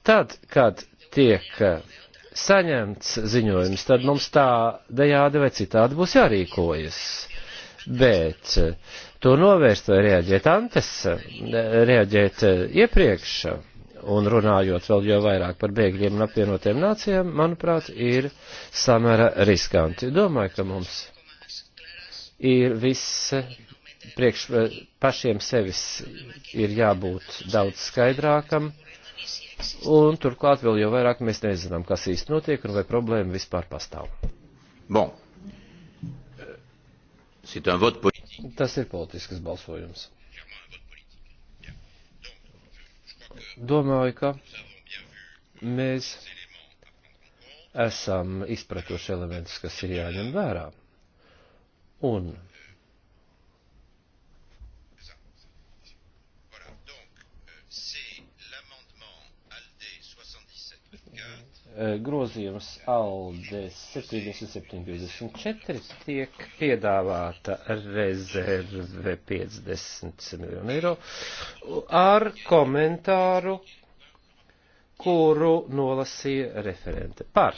Tad, kad tiek saņemts ziņojums, tad mums tā dejādi vai citādi būs jārīkojas. Bet eh, to novērst vai reaģēt antes, eh, reaģēt eh, iepriekš un runājot vēl jau vairāk par bēgļiem un apvienotiem nācijām, manuprāt, ir samērā riskanti. Domāju, ka mums ir viss priekš pašiem sevis ir jābūt daudz skaidrākam un turklāt vēl jau vairāk mēs nezinām, kas īsti notiek un vai problēma vispār pastāv. Bon. Euh, Tas ir politisks balsojums. Domāju, ka mēs esam izpratuši elementus, kas ir jāņem vērā. Un Eh, grozījums ALDE 7754 tiek piedāvāta rezerve 50 miljonu eiro ar komentāru, kuru nolasīja referente par.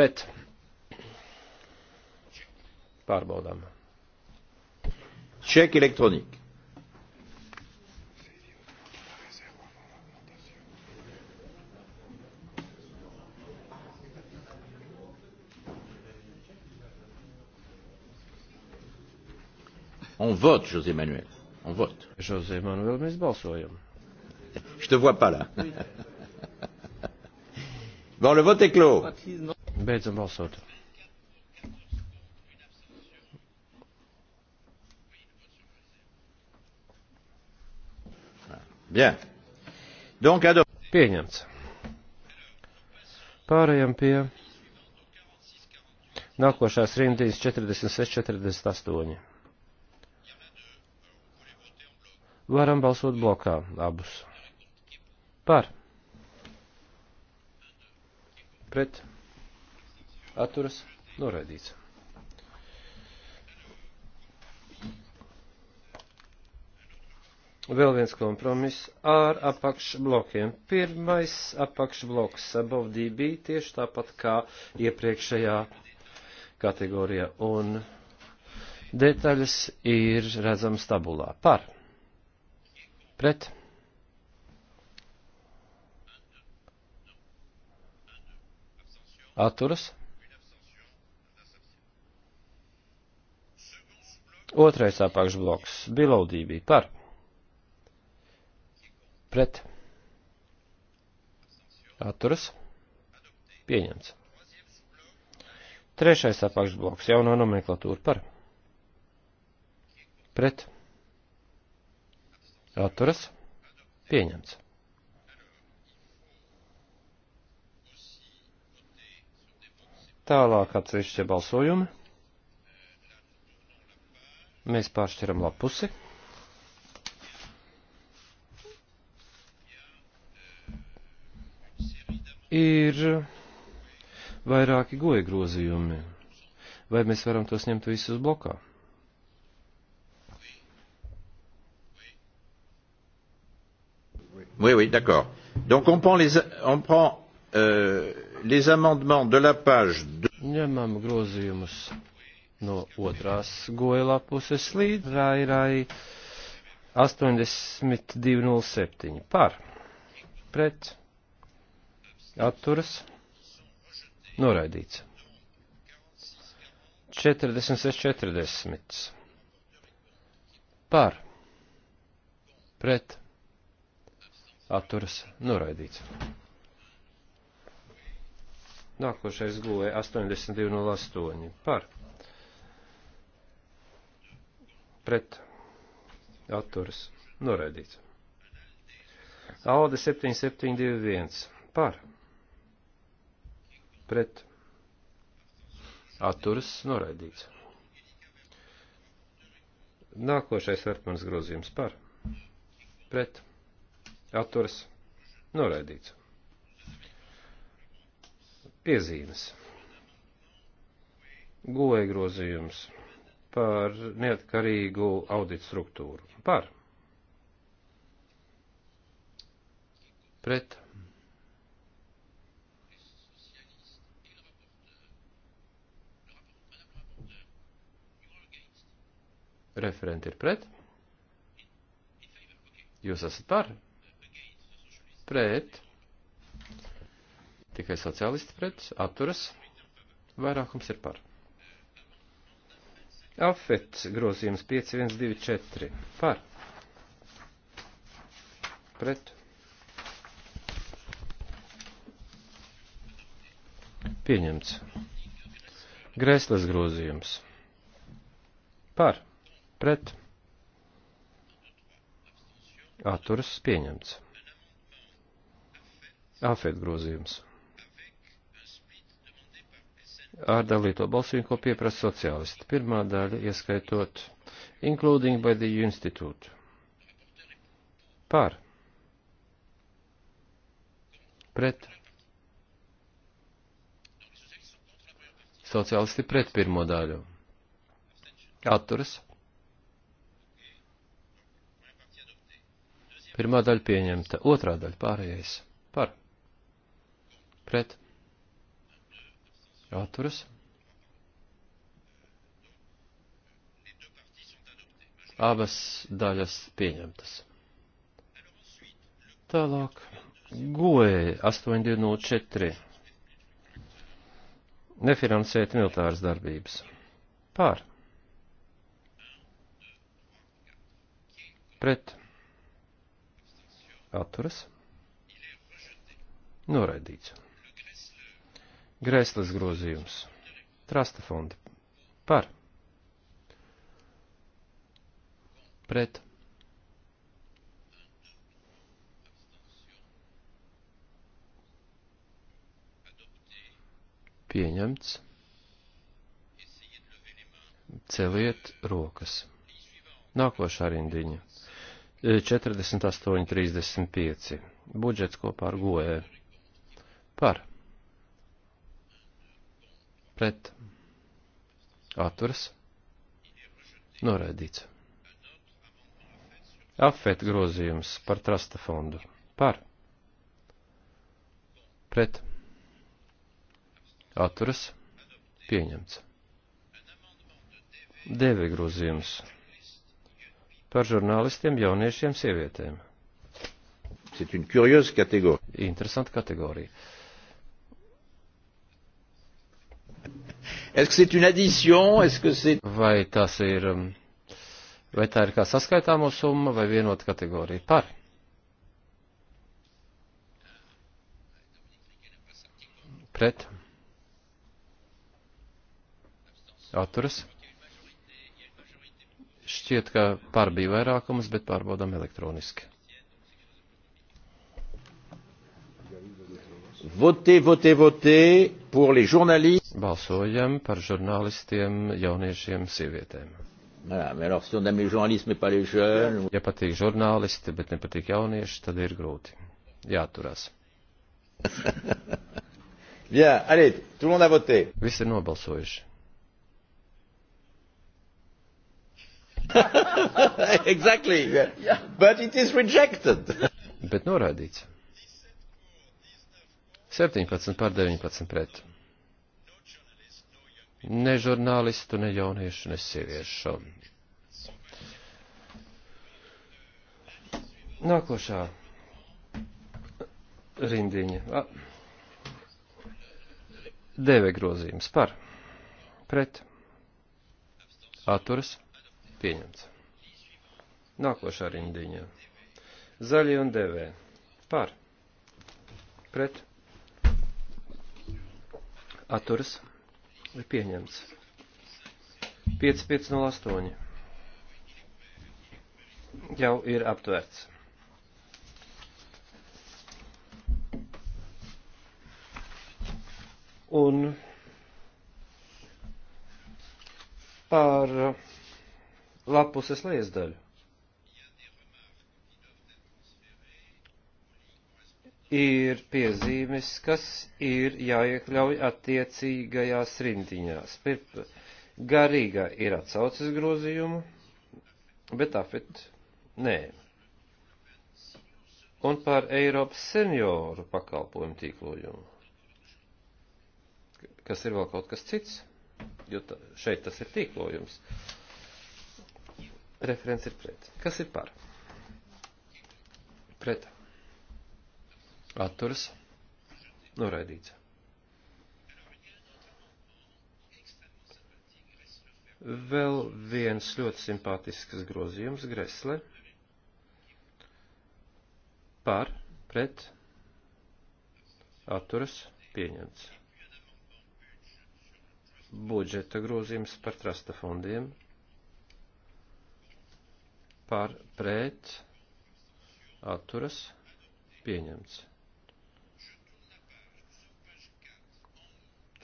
Pret. Pārbaudām. Ček elektronika. On vote, José Manuel. On vote. José Manuel, mēs balsojam. Je te vois pas là. bon, le vote est clos. Beidzam balsot. Bien. Donc, adopté. Pieņemts. Pārējām pie nākošās rindīs 46, 48. Varam balsot blokā abus. Par. Pret. Atturas. Noraidīts. Vēl viens kompromiss ar apakšblokiem. Pirmais apakšbloks above DB tieši tāpat kā iepriekšējā kategorijā, un detaļas ir redzams tabulā par pret. Atturas. Otrais apakšbloks - bilaudībī par. Pret. Atturas. Pieņemts. Trešais apakšbloks - jauno nomenklatūru par. Pret. Atturas. Pieņemts. Tālāk atsevišķie balsojumi. Mēs pāršķiram lapusi. Ir vairāki goja grozījumi. Vai mēs varam tos ņemt visus blokā? Oui, d'accord. Donc on prend les, on prend, euh, les amendements de la page 2. Ņemam grozījumus no otrās goelā puses līdz rai rai 8207 par pret atturas noraidīts. 4640 par pret atturas noraidīts. Nākošais gulē 82.08 par pret atturas noraidīts. Alde 7721 par pret atturas noraidīts. Nākošais vērtmanas grozījums par pret atturas noraidīts. Piezīmes. Goja grozījums par neatkarīgu audit struktūru. Par. Pret. Referenti ir pret. Jūs esat par? pret, tikai sociālisti pret, atturas, vairākums ir par. Afet grozījums 5124 par. Pret. Pieņemts. Grēslas grozījums. Par. Pret. Atturas pieņemts. Āfēt grozījums. Ar dalīto balsīm, ko pieprasa sociālisti. Pirmā daļa, ieskaitot Including by the Institute. Par. Pret. Sociālisti pret pirmo daļu. Atturas. Pirmā daļa pieņemta, otrā daļa pārējais. Par pret atturas. Abas daļas pieņemtas. Tālāk, goē 8204. Nefinansēt militāras darbības. Pār. Pret. Atturas. Noraidīts. Grēslas grozījums. Trasta fondi. Par. Pret. Pieņemts. Celiet rokas. Nākošā rindiņa. 48.35. Budžets kopā ar goē. E. Par pret atturas noraidīts. Afet grozījums par trasta fondu par pret atturas pieņemts. Devi grozījums par žurnālistiem, jauniešiem, sievietēm. Interesanta kategorija. Vai tas ir, um, vai tā ir kā saskaitāmo summa vai vienota kategorija par? Pret? Atturas? Šķiet, ka pār bija vairākums, bet pārbaudām elektroniski. Votē, votē, votē pour les journalistes. Balsojam par žurnālistiem, jauniešiem, sievietēm. Voilà, mais alors, si on aime les journalistes, mais pas les jeunes... Ja patīk žurnālisti, bet nepatīk jaunieši, tad ir grūti. Jāturās. Bien, allez, tout le monde a voté. Visi ir nobalsojuši. exactly, yeah. but it is rejected. bet noraidīts. 17 par 19 pret. Ne žurnālistu, ne jauniešu, ne sieviešu. Nākošā rindiņa. Deve grozījums par, pret, atturas, pieņemts. Nākošā rindiņa. Zaļie un devē. Par, pret, atturas atturas ir pieņemts. 5508 jau ir aptvērts. Un par lapuses lejasdaļu. ir piezīmes, kas ir jāiekļauj attiecīgajās rindiņās. Pirp, garīgā ir atsaucas grozījumu, bet afet nē. Un par Eiropas senioru pakalpojumu tīklojumu. Kas ir vēl kaut kas cits, jo ta, šeit tas ir tīklojums. Referents ir pret. Kas ir par? Pret atturas noraidīts. Vēl viens ļoti simpātisks grozījums Gresle par pret atturas pieņemts. Budžeta grozījums par trasta fondiem par pret atturas pieņemts.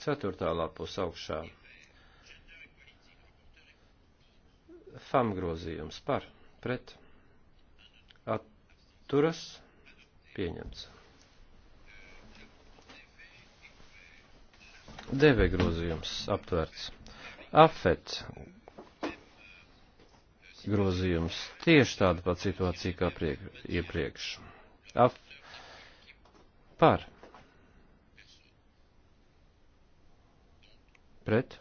Ceturtā lapus augšā. Fam grozījums par, pret, atturas, pieņemts. DV grozījums aptverts. Afet grozījums tieši tāda pat situācija kā priek, iepriekš. Af par pret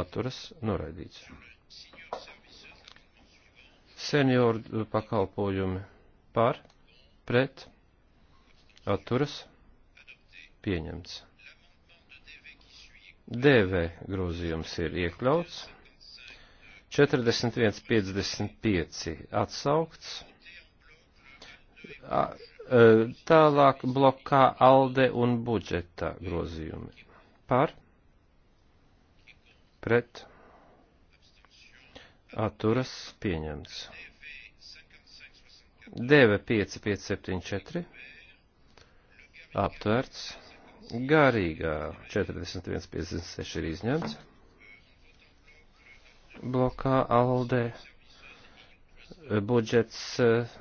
atturas noraidīts. Senioru pakalpojumi par pret atturas pieņemts. DV grozījums ir iekļauts. 41.55 atsaukts. E, tālāk blokā alde un budžeta grozījumi. Par pret atturas pieņemts. Deve 5574 aptverts, garīgā 4156 ir izņemts, blokā Alde budžets eh,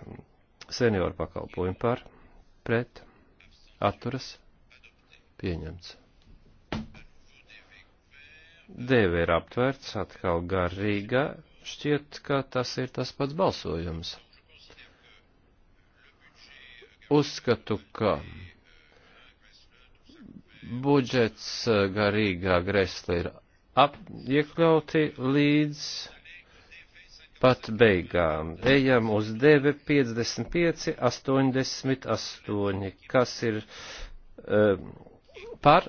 senioru pakalpojumu par pret atturas pieņemts. Dēve ir aptverts, atkal garīga, šķiet, ka tas ir tas pats balsojums. Uzskatu, ka budžets garīgā gresla ir ap, iekļauti līdz pat beigām. Ejam uz 955, 88, kas ir um, par,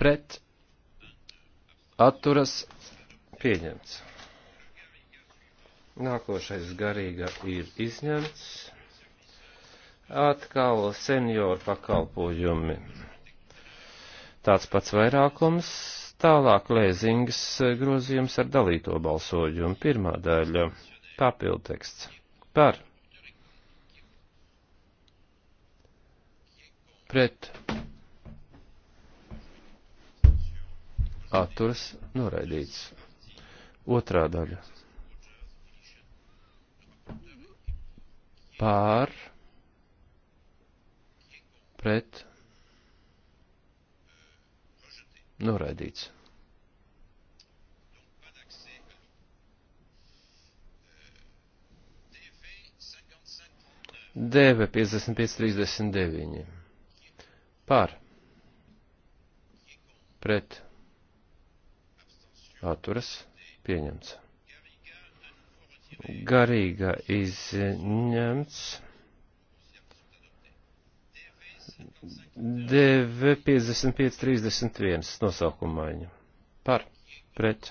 pret, atturas pieņemts. Nākošais garīga ir izņemts. Atkal senioru pakalpojumi. Tāds pats vairākums, tālāk lēzings grozījums ar dalīto balsojumu. Pirmā daļa - papildteksts par pret atturas noraidīts. Otrā daļa. Pār, pret, noraidīts. DV 5539 par pret atturas pieņemts. Garīga izņemts. DV 5531 nosaukumaiņa. Par, pret,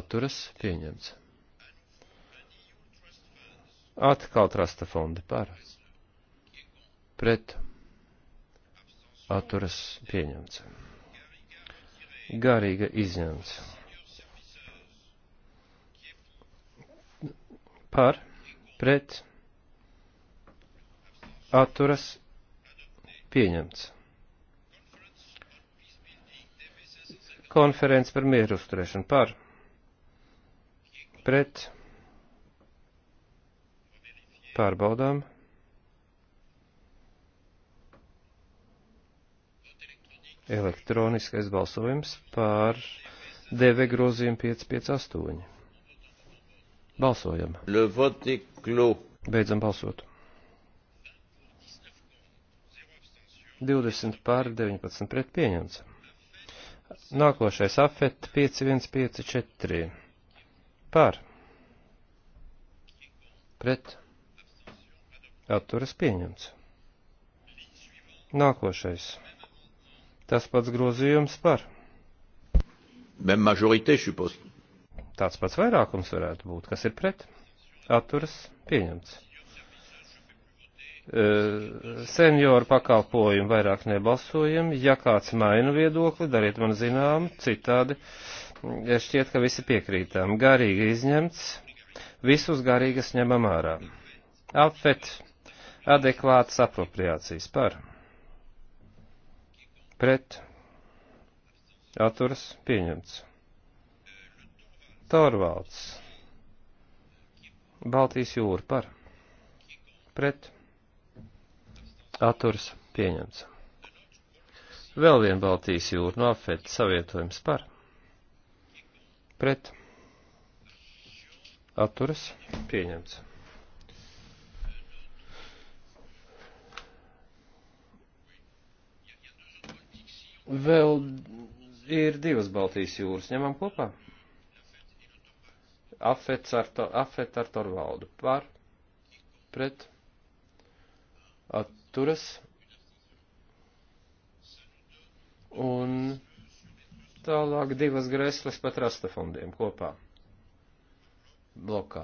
atturas pieņemts. Atkal trasta fondi par, pret, atturas pieņemts garīga izņemts. Par, pret, atturas, pieņemts. Konferences par mieru uzturēšanu par, pret, pārbaudām. elektroniskais balsojums par DV grozījumu 558. Balsojam. Le vote est clos. Beidzam balsot. 20 pār 19 pret pieņemts. Nākošais afet 5154. Pār. Pret. Atturas pieņemts. Nākošais. Tas pats grozījums par. Même majorité, je suppose. Tāds pats vairākums varētu būt. Kas ir pret? Atturas pieņemts. E, senioru pakalpojumu vairāk nebalsojam. Ja kāds maina viedokli, dariet man zinām, citādi šķiet, ka visi piekrītām. Garīgi izņemts, visus garīgas ņemam ārā. Apfet adekvātas apropriācijas par pret atturas pieņemts. Torvalds. Baltijas jūra par. Pret. Atturas pieņemts. Vēl viena Baltijas jūra no afēta savietojums par. Pret. Atturas pieņemts. Vēl ir divas Baltijas jūras, ņemam kopā. Afets ar, to, afet ar Torvaldu par, pret, atturas, un tālāk divas grēsles pat rasta fondiem kopā, blokā,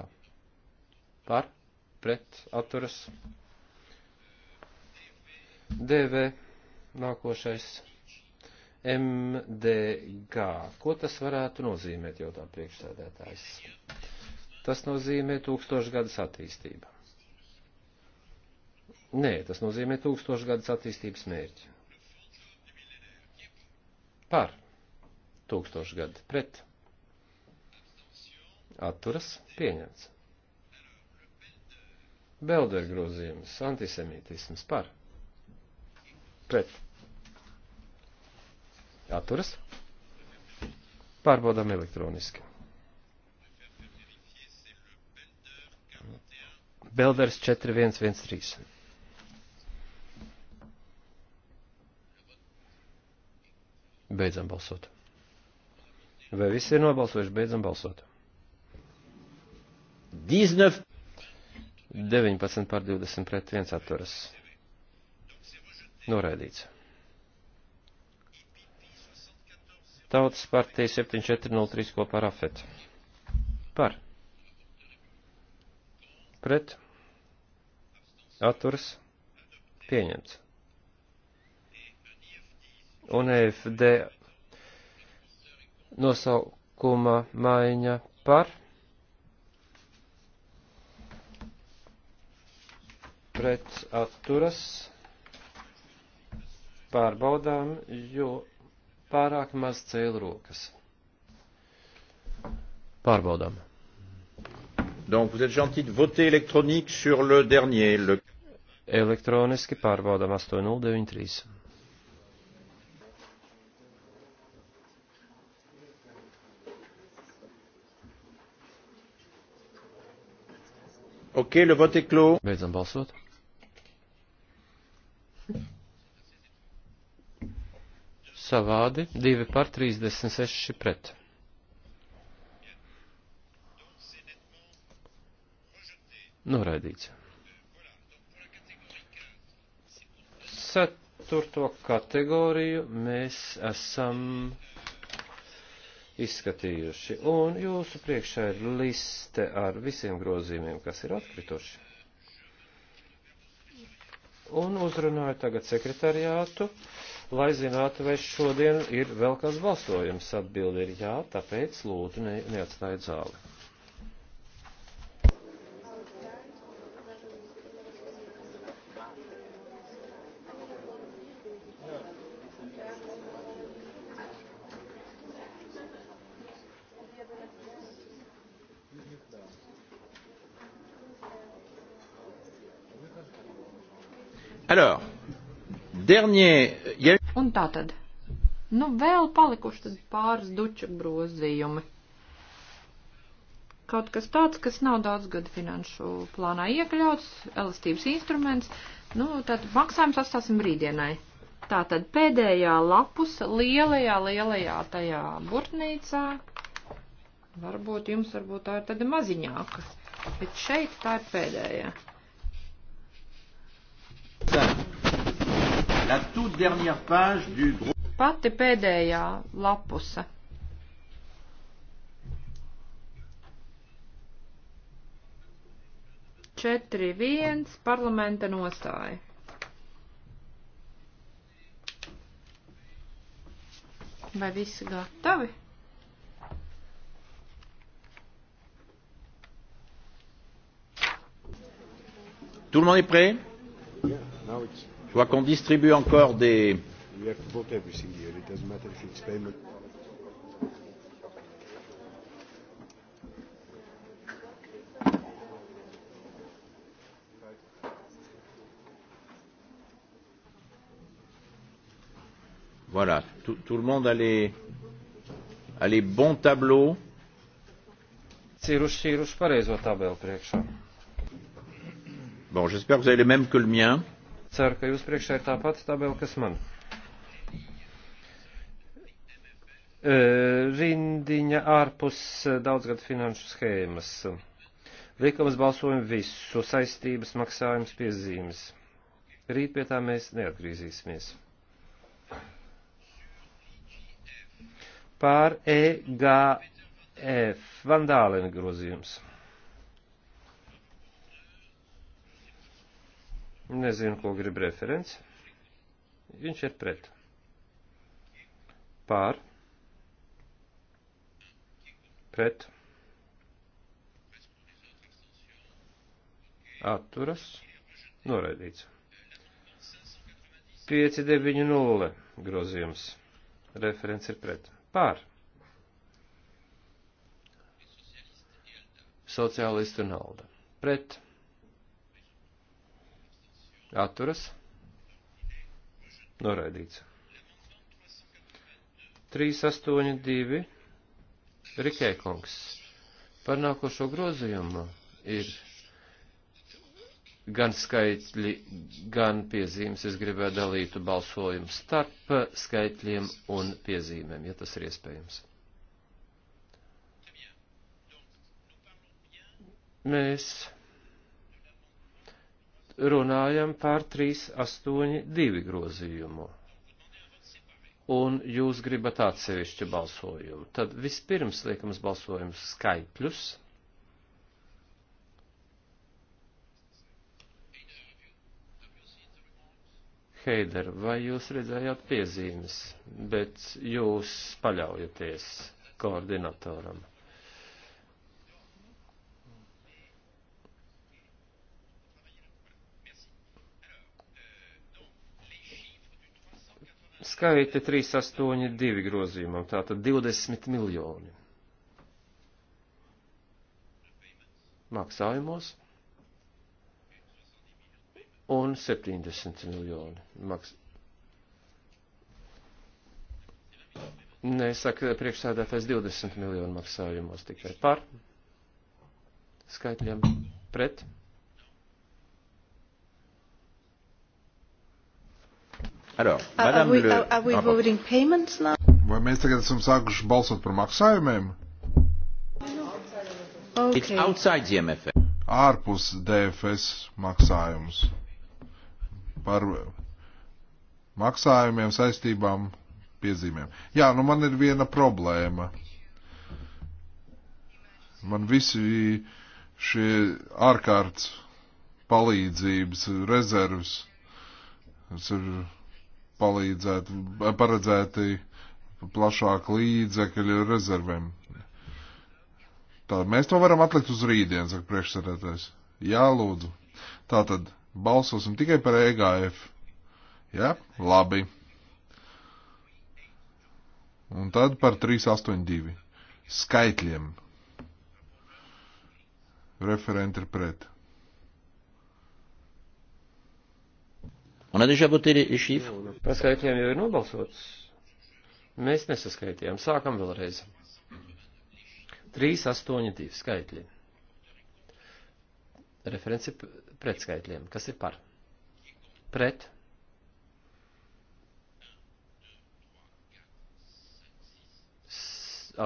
par, pret, atturas, DV nākošais MDG. Ko tas varētu nozīmēt, jautā priekšsēdētājs? Tas nozīmē tūkstošgadas attīstība. Nē, tas nozīmē tūkstošgadas attīstības mērķi. Par tūkstošgadu pret. Atturas pieņemts. Beldergrozījums, antisemītisms par. Pret Atturas. Pārbaudām elektroniski. Belders 4113. Beidzam balsot. Vai visi ir nobalsojuši? Beidzam balsot. 19. 19 pār 20 pret 1 atturas. Noraidīts. Tautas partija 7403 kopā ar Afet. Par. Pret. Atturs. Pieņemts. Un EFD nosaukuma maiņa par. Pret atturas pārbaudām, jo pārāk maz cēlu rokas. Pārbaudām. Donc vous êtes gentil de voter électronique sur le dernier. Le... Elektroniski pārbaudām 8093. Ok, le vote est clos. Beidzam balsot. savādi, 2 par 36 pret. Noraidīts. Ceturto kategoriju mēs esam izskatījuši, un jūsu priekšā ir liste ar visiem grozījumiem, kas ir atkrituši. Un uzrunāju tagad sekretariātu. Uh, lai zinātu, vai šodien ir vēl kāds balsojums. Atbildi ir jā, tāpēc lūdzu ne, neatstājiet zāli. Alors, dernier Un tā tad. Nu, vēl palikuši tad pāris duču grozījumi. Kaut kas tāds, kas nav daudz gadu finanšu plānā iekļauts, elastības instruments, nu, tad maksājums atstāsim rītdienai. Tātad pēdējā lapus lielajā, lielajā tajā burtnīcā, varbūt jums varbūt tā ir tāda maziņāka, bet šeit tā ir pēdējā. Tā la toute dernière page du groupe. Pati pēdējā lapuse. Četri viens parlamenta nostāja. Vai visi gatavi? Tout le monde est prêt? Yeah, now it's vois qu'on distribue encore des. You have to vote everything here. It doesn't matter if it's payment. Voilà, tout, tout le monde a les, a les bons tableaux. Bon, j'espère que vous avez les mêmes que le mien ceru, ka jūs priekšā ir tā pati tabela, kas man. E, rindiņa ārpus e, daudzgad finanšu schēmas. Likums balsojam visu, saistības, maksājums, piezīmes. Rīt pie tā mēs neatgriezīsimies. Pār EGF, vandālēna grozījums. Nezinu, ko grib referents. Viņš ir pret. Pār. Pret. Atturas. Noraidīts. 590 grozījums. Referents ir pret. Pār. Sociālisti un Alda. Pret atturas, noraidīts. 382 Rikēkungs par nākošo grozījumu ir gan skaitļi, gan piezīmes. Es gribētu dalītu balsojumu starp skaitļiem un piezīmēm, ja tas ir iespējams. Mēs runājam par 382 grozījumu un jūs gribat atsevišķu balsojumu, tad vispirms liekam uz balsojumu skaitļus. Heider, vai jūs redzējāt piezīmes, bet jūs paļaujaties koordinatoram? Skaitļi 382 grozījumam, tātad 20 miljoni. Maksājumos un 70 miljoni. Maks... Nē, saka, priekšsēdētājs 20 miljonu maksājumos tikai par skaitļiem pret. Alors, Madame we, Le... Are we ah, voting payments now? Vai mēs tagad esam sākuši balsot par maksājumiem? Okay. It's outside the MFF. Ārpus DFS maksājums. Par maksājumiem, saistībām, piezīmēm. Jā, nu man ir viena problēma. Man visi šie ārkārtas palīdzības rezervs. Tas ir palīdzēt, paredzēti plašāk līdzekļu rezervēm. Tā, mēs to varam atlikt uz rītdienu, saka priekšsēdētājs. Jā, lūdzu. Tātad balsosim tikai par EGF. Jā, ja? labi. Un tad par 382 skaitļiem. Referenti ir pret. On a déjà voté les chiffres? Nu, nu. Par skaitļiem jau ir nobalsots. Mēs nesaskaitījām. Sākam vēlreiz. 3, 8, 2 skaitļi. Referenci pret skaitļiem. Kas ir par? Pret.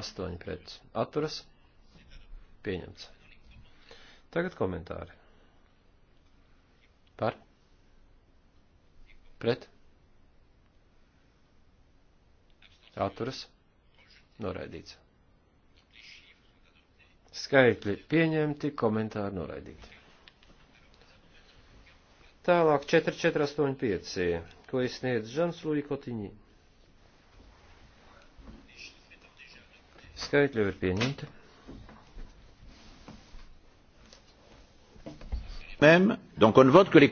Astoņi pret. Atturas. Pieņemts. Tagad komentāri. Par pret, atturas, noraidīts. Skaitļi pieņemti, komentāri noraidīti. Tālāk 4485, ko izsniedz Žans Lui Kotiņi. Skaitļi ir pieņemti. Même, donc on vote que les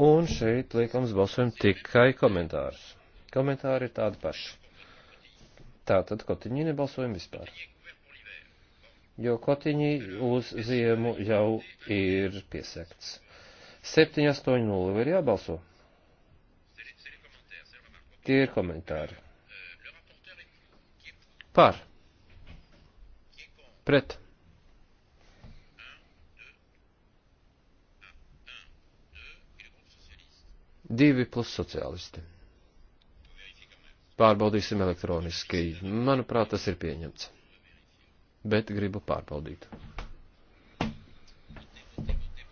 Un šeit liekams balsojam tikai komentārus. Komentāri ir tādi paši. Tātad kotiņi nebalsojam vispār. Jo kotiņi uz ziemu jau ir piesakts. 7-8-0 ir jābalso. Tie ir komentāri. Par. Pret. Divi plus sociālisti. Pārbaudīsim elektroniski. Manuprāt, tas ir pieņemts. Bet gribu pārbaudīt.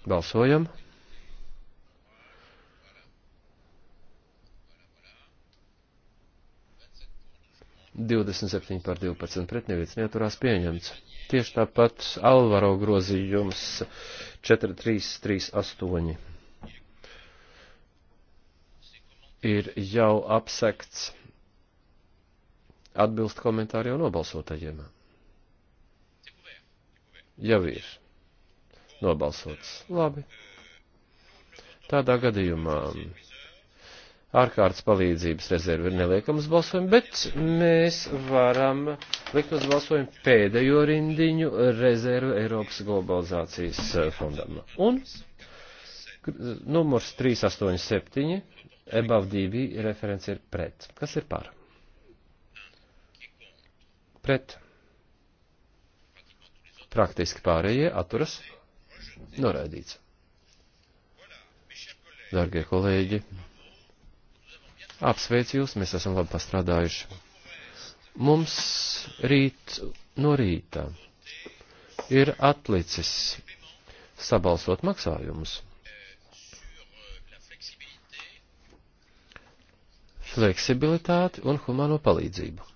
Balsojam. Divdesmit septiņi par divpadsmit pret neviens neaturās pieņemts. Tieši tāpat Alvaro grozījums četri, trīs, trīs, astoņi. ir jau apsekts atbilst komentāri jau nobalsotajiem. Jau ir nobalsots. Labi. Tādā gadījumā ārkārtas palīdzības rezervi ir neliekams balsojumi, bet mēs varam likt uz balsojumu pēdējo rindiņu rezervu Eiropas globalizācijas fondam. Un numurs 387 above DB referents ir pret. Kas ir par? Pret. Praktiski pārējie atturas. Noraidīts. Dargie kolēģi, apsveicu jūs, mēs esam labi pastrādājuši. Mums rīt no rīta ir atlicis sabalsot maksājumus. fleksibilitāti un humano palīdzību.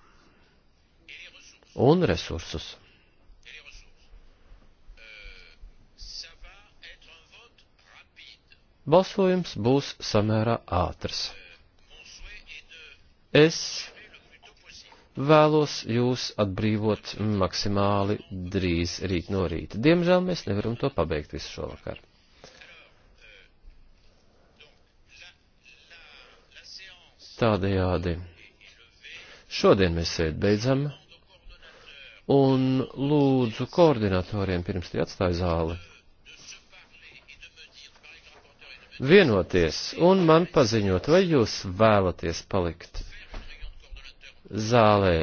Un resursus. Balsojums būs samērā ātrs. Es vēlos jūs atbrīvot maksimāli drīz rīt no rīta. Diemžēl mēs nevaram to pabeigt visu šovakar. Tādējādi šodien mēs sēdi beidzam un lūdzu koordinatoriem pirms tie atstāja zāli vienoties un man paziņot, vai jūs vēlaties palikt zālē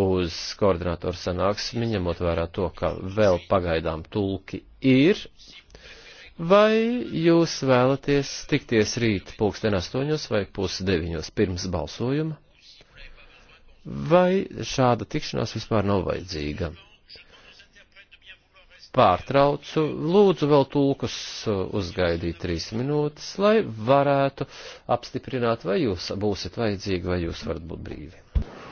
uz koordinatoru sanāksmi, ņemot vērā to, ka vēl pagaidām tulki ir Vai jūs vēlaties tikties rīt pulksten astoņos vai pusdeviņos pirms balsojuma? Vai šāda tikšanās vispār nav vajadzīga? Pārtraucu, lūdzu vēl tulkus uh, uzgaidīt trīs minūtes, lai varētu apstiprināt, vai jūs būsiet vajadzīgi, vai jūs varat būt brīvi.